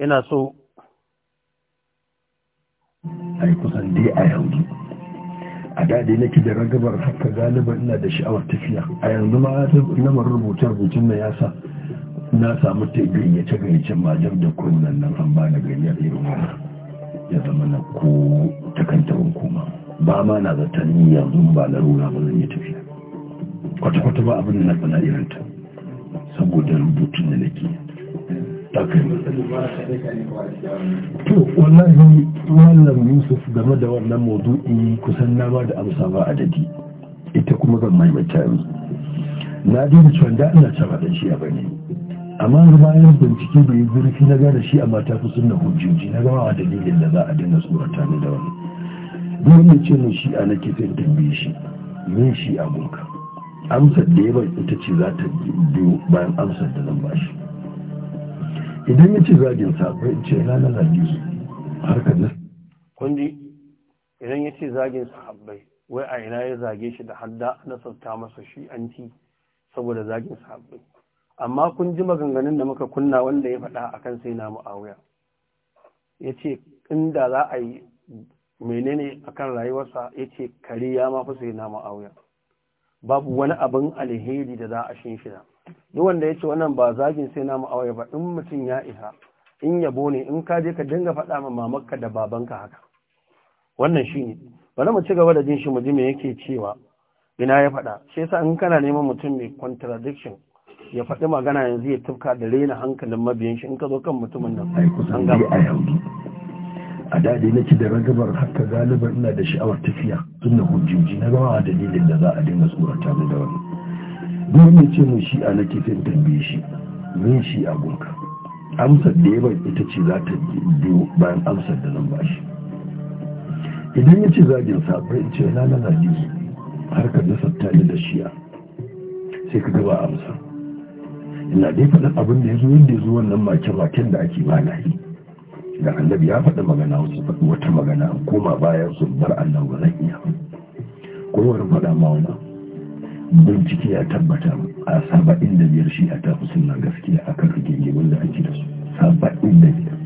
ina so a kusan dai a yanzu a dade nake da ragabar haka Galiba ina da sha'awar tafiya a yanzu ma lamar rubuce rubutun na ya na samu ta gayyace can, majar da kunnan nan an bani a irin wani ya zama na ko takantawan kuma ba ma na zaton yanzu ba na rura ba zan yi tafiya kwata-kwata ba abin da na fana irinta saboda rubutun da nake to wallahi mallam yusuf game da wannan maudu'i kusan na ba da amsa ba adadi ita kuma zan maimaita mi na da cewa da ina cewa dan shi a bane. amma bayan bincike da ya zurfi na gada shi a ta fi sunna hujjoji na gama dalilin da za a dinga tsorata ni da wani duk wanda ce mun shi'a nake sai tambaye shi shi a gunka amsar da ya bai ita ce za ta biyo bayan amsar da zan ba shi idan ya ce zagin sa ce ranar zagin su harkar nan kundi idan ya ce zagin sahabbai wai a ina ya zage shi da hadda na sauta masa shi an ci saboda zagin sahabbai amma kun ji maganganun da muka kunna wanda ya faɗa akan sai na mu'awiya ya ce inda za a yi menene akan rayuwarsa ya ce kare ya mafi sai na mu'awiya babu wani abin alheri da za a shinshina duk wanda yace wannan ba zagin sai namu awaye ba in mutum ya isa in yabo ne in ka je ka dinga faɗa ma mamakka da babanka haka wannan shine bari mu ci gaba da jin shi mu ji me yake cewa ina ya faɗa shi yasa in kana neman mutum mai contradiction ya faɗi magana yanzu ya tufka da rena hankalin mabiyan shi in ka zo kan mutumin nan ai kusan ga a yau a dade nake da ragabar haka galiban ina da sha'awar tafiya tun da hujjoji na gama dalilin da za a dinga tsorata da wani duk ce mu shi'a na kifin tambaye shi min a gunka amsar da ya ita ce za ta biyo bayan amsar da nan bashi idan ya ce zagin sabon ce na na zagi harkar nasar ne da shi'a sai ka gaba amsa ina dai faɗin abin da ya zo yadda ya zo wannan make-maken da ake ba yi da annabi ya faɗi magana wasu faɗi wata magana koma bayan sun bar annabi ba zan iya kowar faɗa ma wani bincike ya tabbata a saba'in da biyar shi a tafi suna gaskiya a kan rigingimin wanda ake da su saba'in da biyar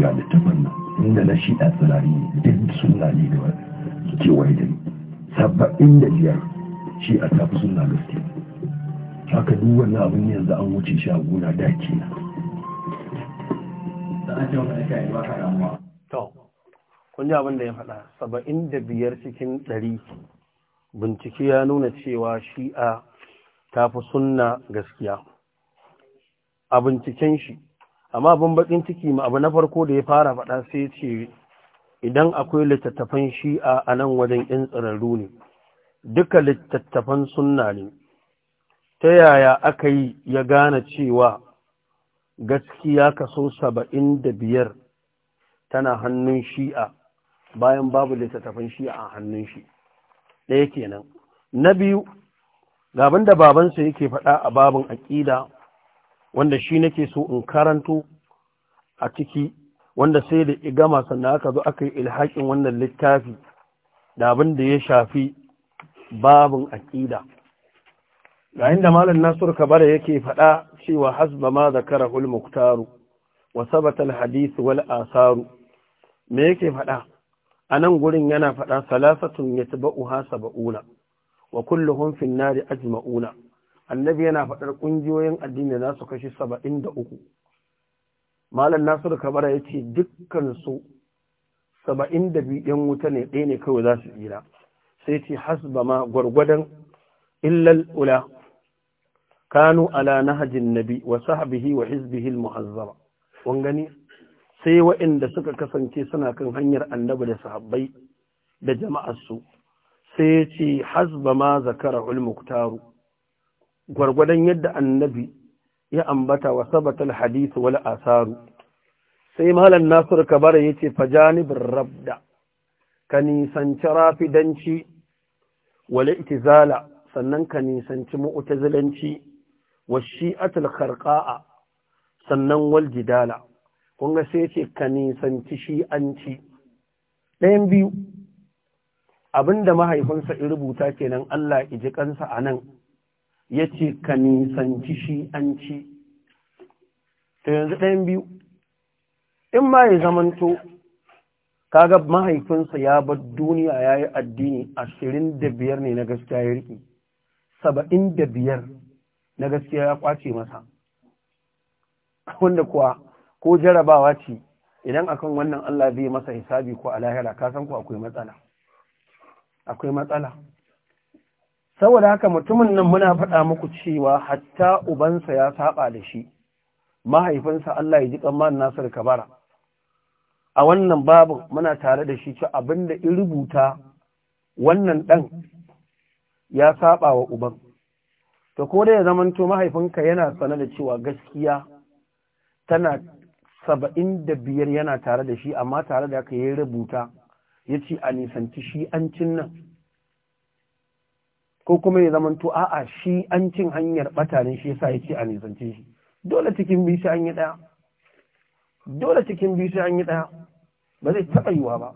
ga littafin nan inda na shi a tsirari ne duk suna ne da kewaye da ni saba'in da biyar shi a tafi suna gaskiya haka duk wannan abin yanzu an wuce shi a gona da ke na kun ji abin da ya faɗa, saba'in da biyar cikin ɗari bincike ya nuna cewa shi'a ta fi sunna gaskiya a binciken shi amma abin bakin ciki ma abu na farko da ya fara faɗa sai ce idan akwai littattafan shi'a a nan wajen yan tsirarru ne duka littattafan sunna ne ta yaya aka yi ya gane cewa gaskiya kaso saba'in da biyar tana hannun shi'a bayan babu littattafan shi'a a hannun shi ɗaya kenan na biyu gaban da babansa yake faɗa a babin aƙida wanda shi nake so in karanto a ciki wanda sai da igama sannan aka zo aka yi ilhakin wannan littafi da abin da ya shafi babin aƙida yayin da malam Nasiru Kabara yake faɗa cewa hasba ma da hul hulmuktaru wa sabata hadisi wal asaru me yake faɗa a nan gurin yana faɗa salasatun ya taba uha saba'una wa kulluhum fin nari ajma'una annabi yana faɗar ƙungiyoyin addini za su kashi saba'in da uku malam nasiru kabara ya ce dukkansu saba'in da biyu wuta ne ɗaya ne kawai za su tsira sai ce hasba ma gwargwadon illal ula kanu ala nahajin nabi wa sahbihi wa hizbihi al-muhazzama kun gani sai waɗanda suka kasance suna kan hanyar annabi da sahabbai da jama'arsu sai ya ce hasba ma zakara ulmuktaru gwargwadon yadda annabi ya ambata wa sabatal hadisu wal asaru sai malam nasir kabara ya ce fajanibin rabda ka nisanci rafidanci wal itizala sannan ka nisanci mu'tazilanci wa shi'atul kharqa'a sannan wal jidala kun ga sai ce ka nisanci shi an ci ɗayan biyu abinda mahaifinsa in rubuta kenan Allah iji kansa a nan ya ce ka nisanci shi an ci to yanzu ɗayan biyu in ma ya zamanto kaga mahaifinsa ya bar duniya ya yi addini ashirin da biyar ne na gaskiya ya riƙe saba'in da biyar na gaskiya ya ƙwace masa wanda kuwa ko jarabawa ce idan akan wannan Allah zai masa hisabi ko alahira ka san ku akwai matsala akwai matsala saboda haka mutumin nan muna faɗa muku cewa hatta ubansa ya saba da shi mahaifinsa Allah ya ji kamar Nasir Kabara a wannan babu muna tare da shi ci abinda in rubuta wannan dan ya saba wa uban to ko da ya zamanto mahaifinka yana sanar da cewa gaskiya tana saba'in da biyar yana tare da shi amma tare da aka ya rubuta ya ce a nisanci shi'ancin nan ko kuma ya zamanto a'a shi'ancin hanyar ɓata ne shi yasa ya ce a nisanci shi dole cikin biyu an yi ɗaya dole cikin bishi an yi ɗaya ba zai taɓa yiwa ba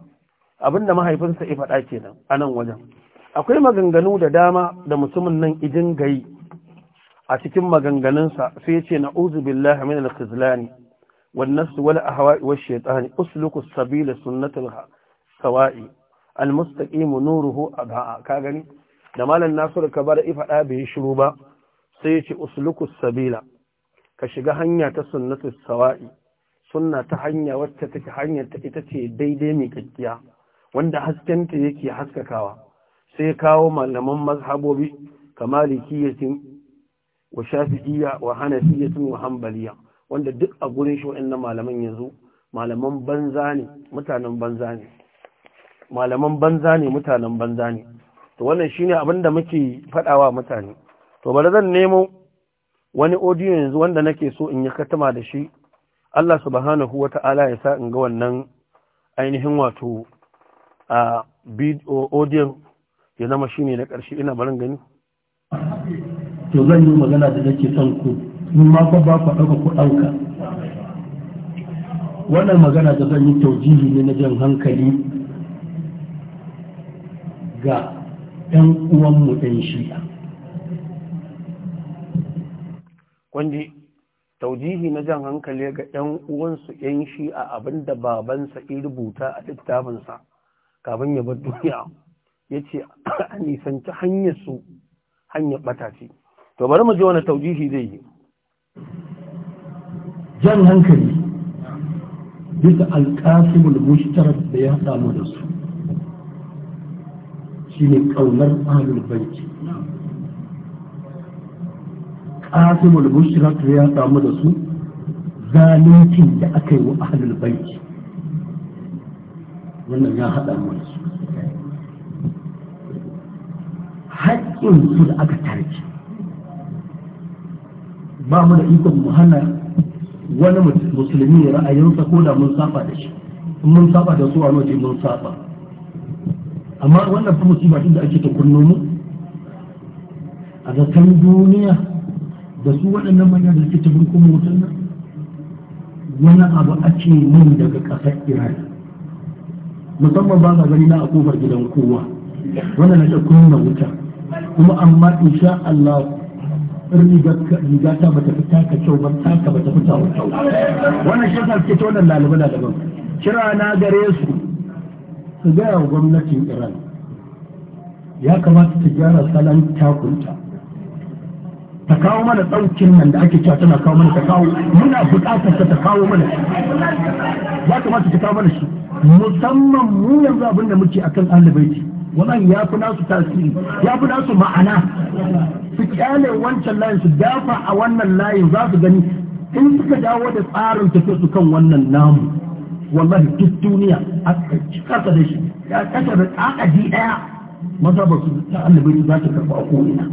abinda mahaifinsa ya faɗa kenan a nan wajen akwai maganganu da dama da mutumin nan idin gayi a cikin maganganunsa sai ya ce na'uzu billahi min al-khizlani والنفس والأهواء والشيطان أسلك السبيل سنة السواء المستقيم نوره أضاء كاغني دمال الناس الكبار إفعلا به شروبا سيتي أسلك السبيل كشغ هنيا سنة السوائي سنة تحنيا واتتك حنيا تأتتي دي كتيا ميكتيا حسكن تيكي حسك haskakawa سيكاو ما malaman مذهبو بي wa shafi'iyya wa hanafiyatin wa wanda duk a gurin shi na malaman yanzu malaman banza ne mutanen banza ne malaman banza ne mutanen banza ne to wannan shine abin da muke faɗawa mutane to bari zan nemo wani audio yanzu wanda nake so in yi katama da shi Allah subhanahu wata'ala ya sa in ga wannan ainihin wato a audio ya zama shine na ƙarshe ina barin gani to zan yi magana da nake son ku ma fa ba ku ɗaga kuɗanka wannan magana da zan yi taujihi ne na jan hankali ga 'yan uwanmu ɗan shi'a wanda taujihi na jan hankali ga 'yan uwansu 'yan shi'a abinda babansa ya rubuta a littafinsa kafin ya bar duniya ya ce a nisanci hanyar su hanyar ɓata ce to bari mu ji wani taujihi zai yi jan hankali bisa alƙasimul mushtarar da ya samu da su shi ne ƙaunar ahalul banki ƙasimul mushtarar da ya samu da su zaluncin da aka yi wa ahalul banki wannan ya haɗa mu da su haƙƙin su da aka tarki ba mu da ikon mu hana wani musulmi ya ra'ayinsa ko da mun saba da shi mun saba da su a waje mun saba amma wannan fa musiba da ake ta kunno mu a zaton duniya da su waɗannan manya da suke tabin kuma wutan nan wani abu ake mun daga ƙasar iran musamman ba ka gani na a kofar gidan kowa wannan na ta kunna wuta kuma amma insha Allah riga ta bata fi taka kyau ban taka bata fi kyau wannan shi yasa suke tonan lalibu na daban kira na gare su su gaya wa gwamnatin iran ya kamata ta gyara salon takunta ta kawo mana ɗaukin nan da ake cewa tana kawo mana ta kawo muna buƙatar ta kawo mana ya kamata ta kawo mana shi musamman mu yanzu abin da muke akan alibaiti wannan ya fi nasu tasiri ya fi nasu ma'ana su kyale wancan layin su dafa a wannan layin za su gani in suka dawo da tsarin tafi su kan wannan namu wallahi duk duniya a kasa da shi ya kasa da tsakadi daya maza ba su ta za su karɓa ko'ina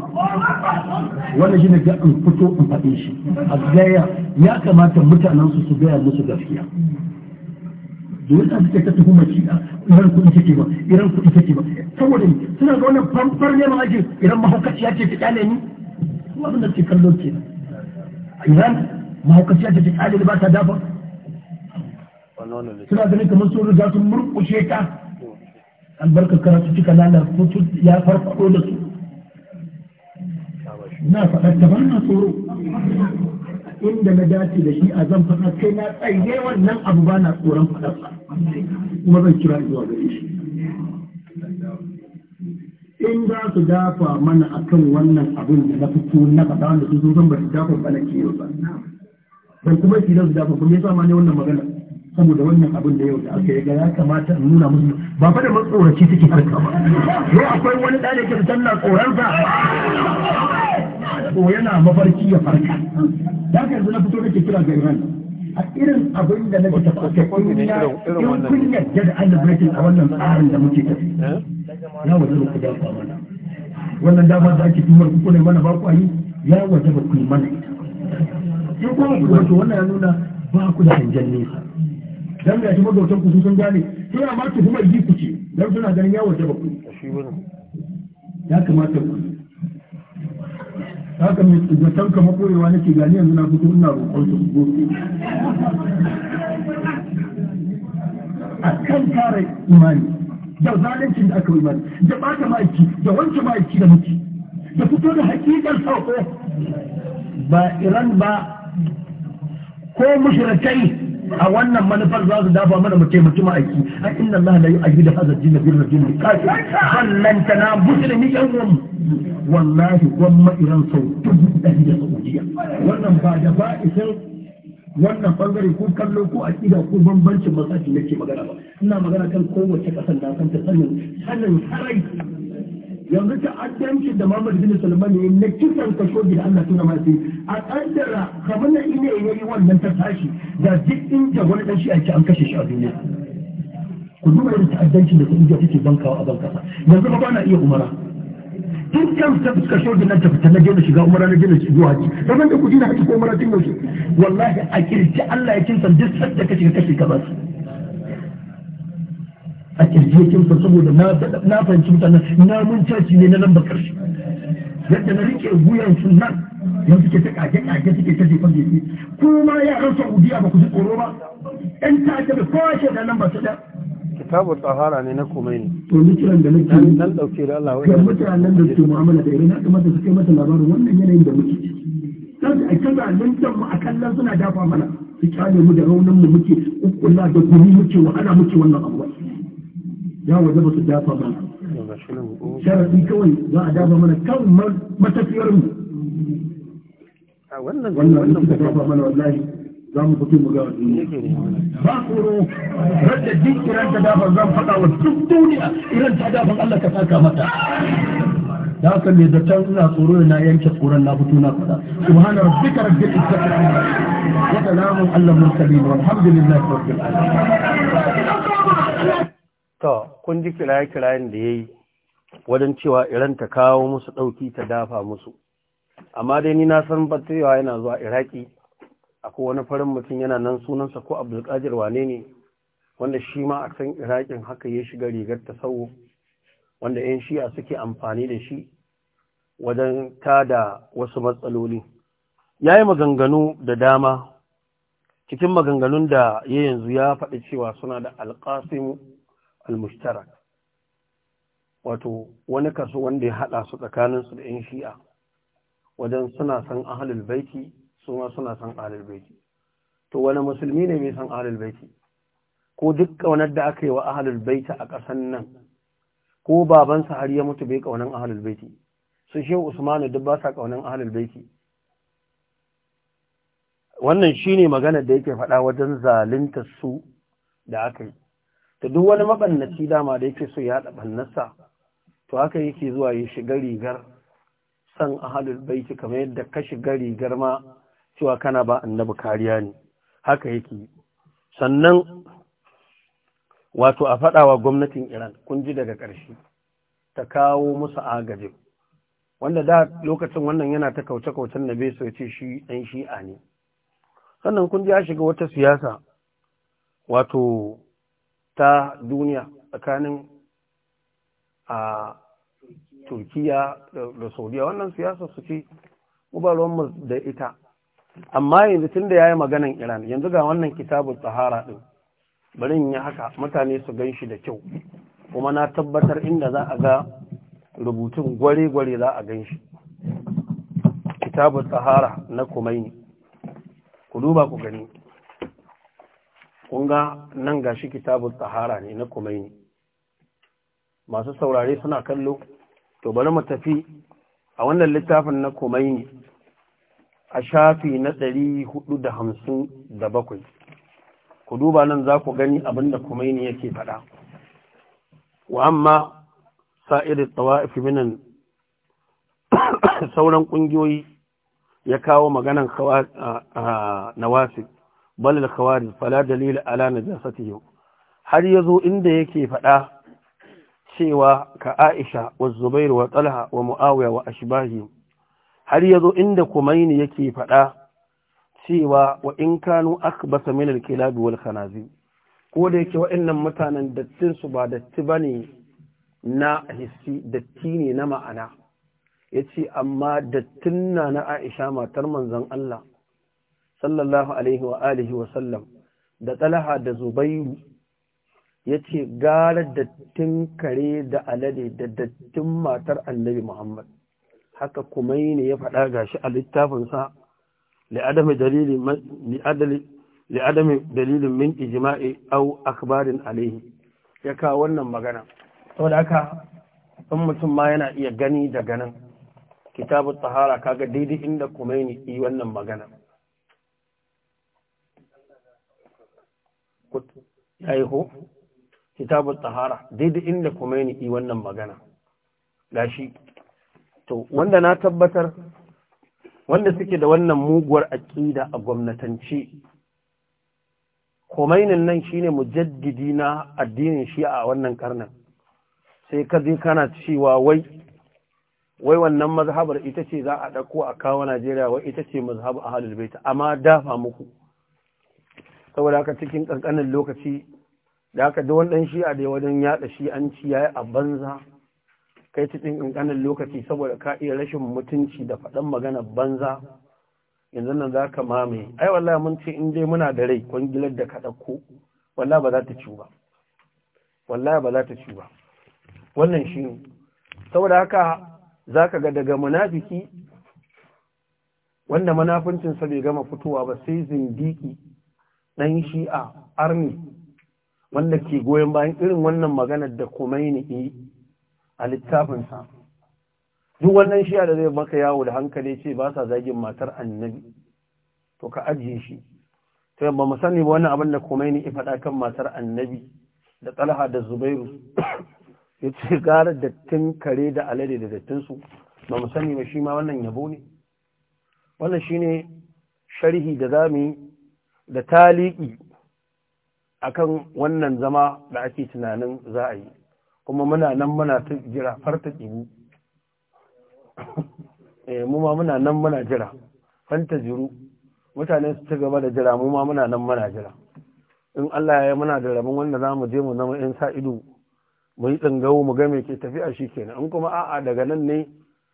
ina shi ne ga in fito in faɗin shi a gaya ya kamata mutanen su su gaya musu gaskiya dole an suke ta tuhumar shi da iran kuɗi take ba iran kuɗi take ba saboda ni suna ga wannan famfar ne ma ake iran mahaukaciya ce ta kyale ni kuma abin da suke kallo ke iran mahaukaciya ce ta kyale ni ba ta dafa suna ganin kamar sun riga sun murƙushe ka albarkar karatu cika lalata ya farfaɗo da su na faɗa ta ba na tsoro inda na dace da shi a zan faɗa kai na tsaye wannan abu ba na tsoron faɗa kuma zan kira zuwa gare shi in za su dafa mana akan wannan abin da na fito na faɗa wanda su zo zan ba su dafa ba na kiyo ba dan kuma shi za su dafa kuma ya sa ma ne wannan magana saboda wannan abin da yau da aka yi ya kamata in nuna musu ba fa da matsoraci take farka ba yau akwai wani da da ke tana tsoronsa ko yana mafarki ya farka da ka yanzu na fito ke kira ga Iran a irin abin da nake tafiya in kun ya da Allah a wannan tsarin da muke tafi eh? ya wajen ku da mana wannan dama da ake tumar kuku ne mana ba ku ayi ya waje ba ku mana ita. Sai kuma ku wato wannan ya nuna ba ku da hanjan nesa. dan ga shi magautan ku sun gane suna ma kuma ji ku ce dan suna ganin yawon da baku ya kamata ku haka mai zaton ka makorewa nake gani yanzu na fito ina roƙon su gobe a kan kare imani da zalincin da aka imani da bata ma'aiki da wancan ma'aiki da muke da fito da hakikar sauko ba iran ba ko mushrikai a wannan manufar za su dafa mana mu taimaki ma'aiki a inna Allah la yu'ayyidu da hazar jinna bin rajin kafir wannan ta na musulmi yan uwan wallahi gwamma iran sau dubu ɗari da saudiya wannan ba da ba isin wannan bangare ko kallo ko aƙida ko bambancin masaji nake magana ba ina magana kan kowace ƙasar da san ta sanin sanin sarai yanzu ta'addanci da Muhammad bin Sulman ne na kisan bi da Allah tura masu a kaddara kamar na ina yi wannan ta tashi da duk inda wani dan shi a ci an kashe shi a duniya ku duba yadda ta'addanci da kungiya take bankawa a bankasa yanzu ba na iya umara tun kan ta fuska shogi nan ta fita na je shiga umara na je shi zuwa haji kamar da ku jina haka ko umara tun yaushe wallahi a kirci Allah ya kinsa duk sadda kashe kashe ka ba su a kirjejin sa saboda na fahimci mutane na mun ne na nan ba karshe yadda na rike wuyan sun nan yanzu ke ta kage kage suke ta jefan gefe kuma ya yaran saudiya ba ku ji tsoro ba yan ta'adda da kowa ke da nan ba su da kitabul tsahara ne na komai ne to kiran da nake dan dauke da Allah wai mutanen da suke mu'amala da irin haka da suke mata labarin wannan yanayin da muke kan a kaza nan dan mu a kallon suna dafa mana su kyale mu da raunin mu muke kukkulla da gumi muke wa wahala muke wannan abuwa ya waje su dafa ba sharafi kawai za a dafa mana kan matafiyar mu wannan suka dafa mana wallahi za mu fito mu ga duniya ba tsoro radda duk iran ta dafa zan faɗa wa duk duniya iran ta dafa Allah ka saka mata da haka da zaton ina tsoro na yanke tsoron na fito na faɗa subhana rabbika rabbil izzati amma wa salamun alal mursalin walhamdulillahi rabbil alamin to kun ji kiraye-kirayen da ya yi wajen cewa iran ta kawo musu ɗauki ta dafa musu amma dai ni na san batsewa yana zuwa iraki akwai wani farin mutum yana nan sunansa ko abdulkadir wane ne wanda shi ma a san irakin haka ya shiga rigar ta sau wanda 'yan shi'a suke amfani da shi wajen tada wasu matsaloli ya yi maganganu da dama cikin maganganun da ya yanzu ya faɗi cewa suna da alƙasimu al-mushtarak wato wani kaso wanda ya hada su tsakanin su da yan shi'a wajen suna san ahlul baiti su ma suna san ahlul baiti to wani musulmi ne mai san ahlul baiti ko duk kaunar da aka yi wa ahlul baiti a ƙasan nan ko babansa har ya mutu bai kaunan ahlul baiti su shi usmanu duk ba sa kaunan ahlul baiti wannan shine maganar da yake faɗa wajen zalunta su da aka yi ta duk wani mabannaci dama da yake so ya haɗa ɓannarsa to haka yake zuwa ya shiga rigar san halin baiki kamar yadda ka shiga rigar ma cewa kana ba annabi kariya ne haka yake sannan wato a faɗawa gwamnatin Iran kun ji daga ƙarshe ta kawo musu agajin wanda da lokacin wannan yana ta kauce-kaucen na bai ce shi ɗan shi'a ne sannan kun ji ya shiga wata siyasa wato ta duniya tsakanin a turkiya da saudiya wannan siyasa su ce mu da ita amma yanzu tun da ya yi maganan iran yanzu ga wannan kitabun tsahara ɗin bari yi haka mutane su gan shi da kyau kuma na tabbatar inda za a ga rubutun gware-gware za a gan shi kitabun tsahara na kumaini ku duba ku gani kun ga nan gashi kitabul tsahara ne na kumaini masu saurare suna kallo to bari mu tafi a wannan littafin na kumaini a shafi na ɗari da hamsin bakwai. ku duba nan za ku gani da kumaini yake faɗa wa amma Sa'idu tawa'if minan sauran ƙungiyoyi ya kawo maganan nawasi bal al-khawarij fala dalil ala najasatihi har yazo inda yake faɗa cewa ka Aisha wa Zubair wa Talha wa Muawiya wa ashbahi har yazo inda Kumaini yake fada cewa wa in kanu akbasa min al-kilab wal khanazir ko da yake waɗannan mutanen dattin su ba datti bane na hissi datti ne na ma'ana yace amma dattin na na Aisha matar manzon Allah sallallahu alaihi wa alihi wa sallam da talaha da Zubairu yace gara dattin kare da alade da dattin matar Annabi Muhammad haka kuma ne ya faɗa gashi a littafin sa li'adami dalilin min ijma'i aw akbarin alaihi ya kawo wannan magana saboda haka in mutum ma yana iya gani daga nan kitabu tahara kaga daidai inda kuma yi wannan magana ya yi ho kitabun tsahara daidai inda kuma yi wannan magana gashi to wanda na tabbatar wanda suke da wannan muguwar aƙida a gwamnatance Khomeinin nan shine mujaddidi na addinin Shi'a a wannan karnin sai ka je kana cewa wai wai wannan mazhabar ita ce za a dauko a kawo Najeriya wai ita ce mazhabu ahlul bait amma dafa muku saboda haka cikin ƙanƙanin lokaci da haka duk wani shi'a da wajen yaɗa shi'anci ya yi a banza kai cikin ƙanƙanin lokaci saboda ka iya rashin mutunci da faɗan magana banza yanzu nan za ka mamaye ai wallahi mun ce in dai muna da rai kwangilar da ka ɗauko wallahi ba za ta ci ba wallahi ba za ta ci ba wannan shi ne saboda haka za ka ga daga munafiki wanda munafuncinsa bai gama fitowa ba sai zindiki ɗan shi'a army wanda ke goyon bayan irin wannan maganar da Khomeini yi a littafinsa duk wannan shi'a da zai maka yawo da hankali ce ba sa zagin matar annabi to ka ajiye shi to yamma mu sani ba wannan abin da Khomeini ya faɗa kan matar annabi da Talha da Zubairu ce gara dattin kare da alade da dattin su ba mu sani ba shi ma wannan yabo ne wannan shine sharhi da zamu yi da taliki akan wannan zama da ake tunanin za a yi kuma muna nan muna jira farta tsibu eh mu ma muna nan muna jira fanta jiru mutane su ci gaba da jira mu ma muna nan muna jira in Allah ya yi muna da rabin wanda za mu je mu zama yan sa ido mu yi tsangawo mu ga me ke tafiya shi kenan in kuma a'a daga nan ne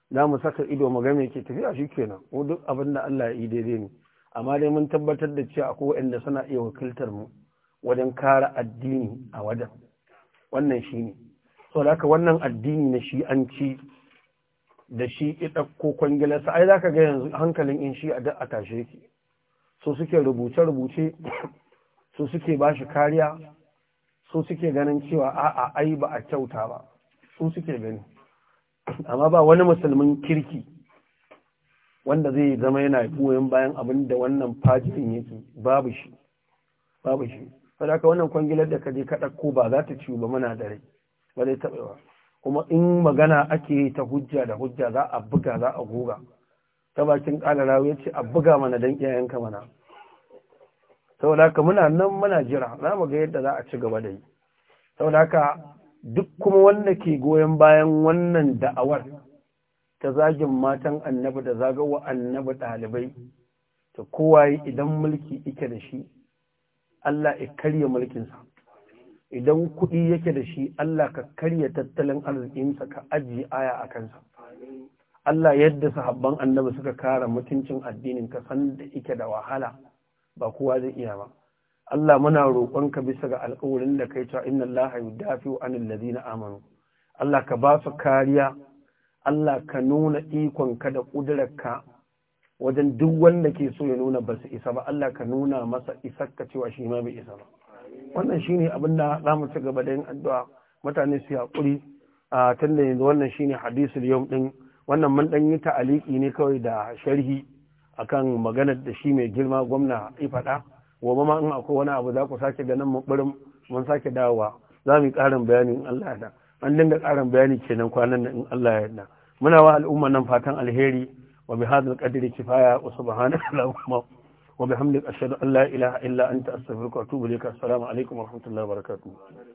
za mu saka ido mu ga me ke tafiya shi kenan ko duk abin da Allah ya yi daidai ne amma dai mun tabbatar da cewa akwai wanda suna iya wakiltar mu wajen kare addini a wajen wannan shi ne so da haka wannan addini na shi an ci da shi ko kwangilarsa ai za ka ga yanzu hankalin in shi a tashe ki so suke rubuce-rubuce so suke ba kariya so suke ganin cewa a'a ai ba a kyauta ba su suke gani amma ba wani musulmin kirki wanda zai zama yana goyon bayan abin da wannan fajirin yake babu shi babu shi aka wannan kwangilar da kaje ka ɗauko ba za ta ciwo ba muna da rai ba zai taɓewa kuma in magana ake yi ta hujja da hujja za a buga za a goga ta bakin ƙalarawa ya ce a buga mana don iyayenka mana saboda haka muna nan muna jira za mu ga yadda za a ci gaba da yi saboda haka duk kuma wanda ke goyon bayan wannan da'awar ta zagin matan annabi da zagawa annabi ɗalibai ta kowaye idan mulki ike da shi Allah ya karya mulkinsa idan kuɗi yake da shi Allah ka karya tattalin arzikinsa ka ajiye aya a kansa Allah yadda sahabban annabi suka kara mutuncin addinin ka san da ike da wahala ba kowa zai iya ba Allah muna roƙonka bisa ga alƙawarin da kai cewa inna Allah ya dafi wa anil ladina amanu Allah ka ba su kariya Allah ka nuna ikonka da ƙudurarka wajen duk wanda ke so ya nuna ba su isa ba Allah ka nuna masa isarka cewa shi ma bai isa ba wannan shine abin da za mu ci gaba da yin addu'a mutane su haƙuri a tunda yanzu wannan shine hadisul yau ɗin. wannan mun dan yi ta'aliki ne kawai da sharhi akan maganar da shi mai girma gwamna ya faɗa gobe ma in akwai wani abu za ku sake ganin mu burin mun sake dawowa za mu yi ƙarin bayani in Allah ya da an dinga ƙarin bayani kenan kwanan nan in Allah ya yarda muna wa al'umma nan fatan alheri wa bi hadhal qadri kifaya wa subhanaka allahumma wa bihamdika ashhadu an la ilaha illa anta astaghfiruka wa atubu ilaik assalamu alaikum wa rahmatullahi wa barakatuh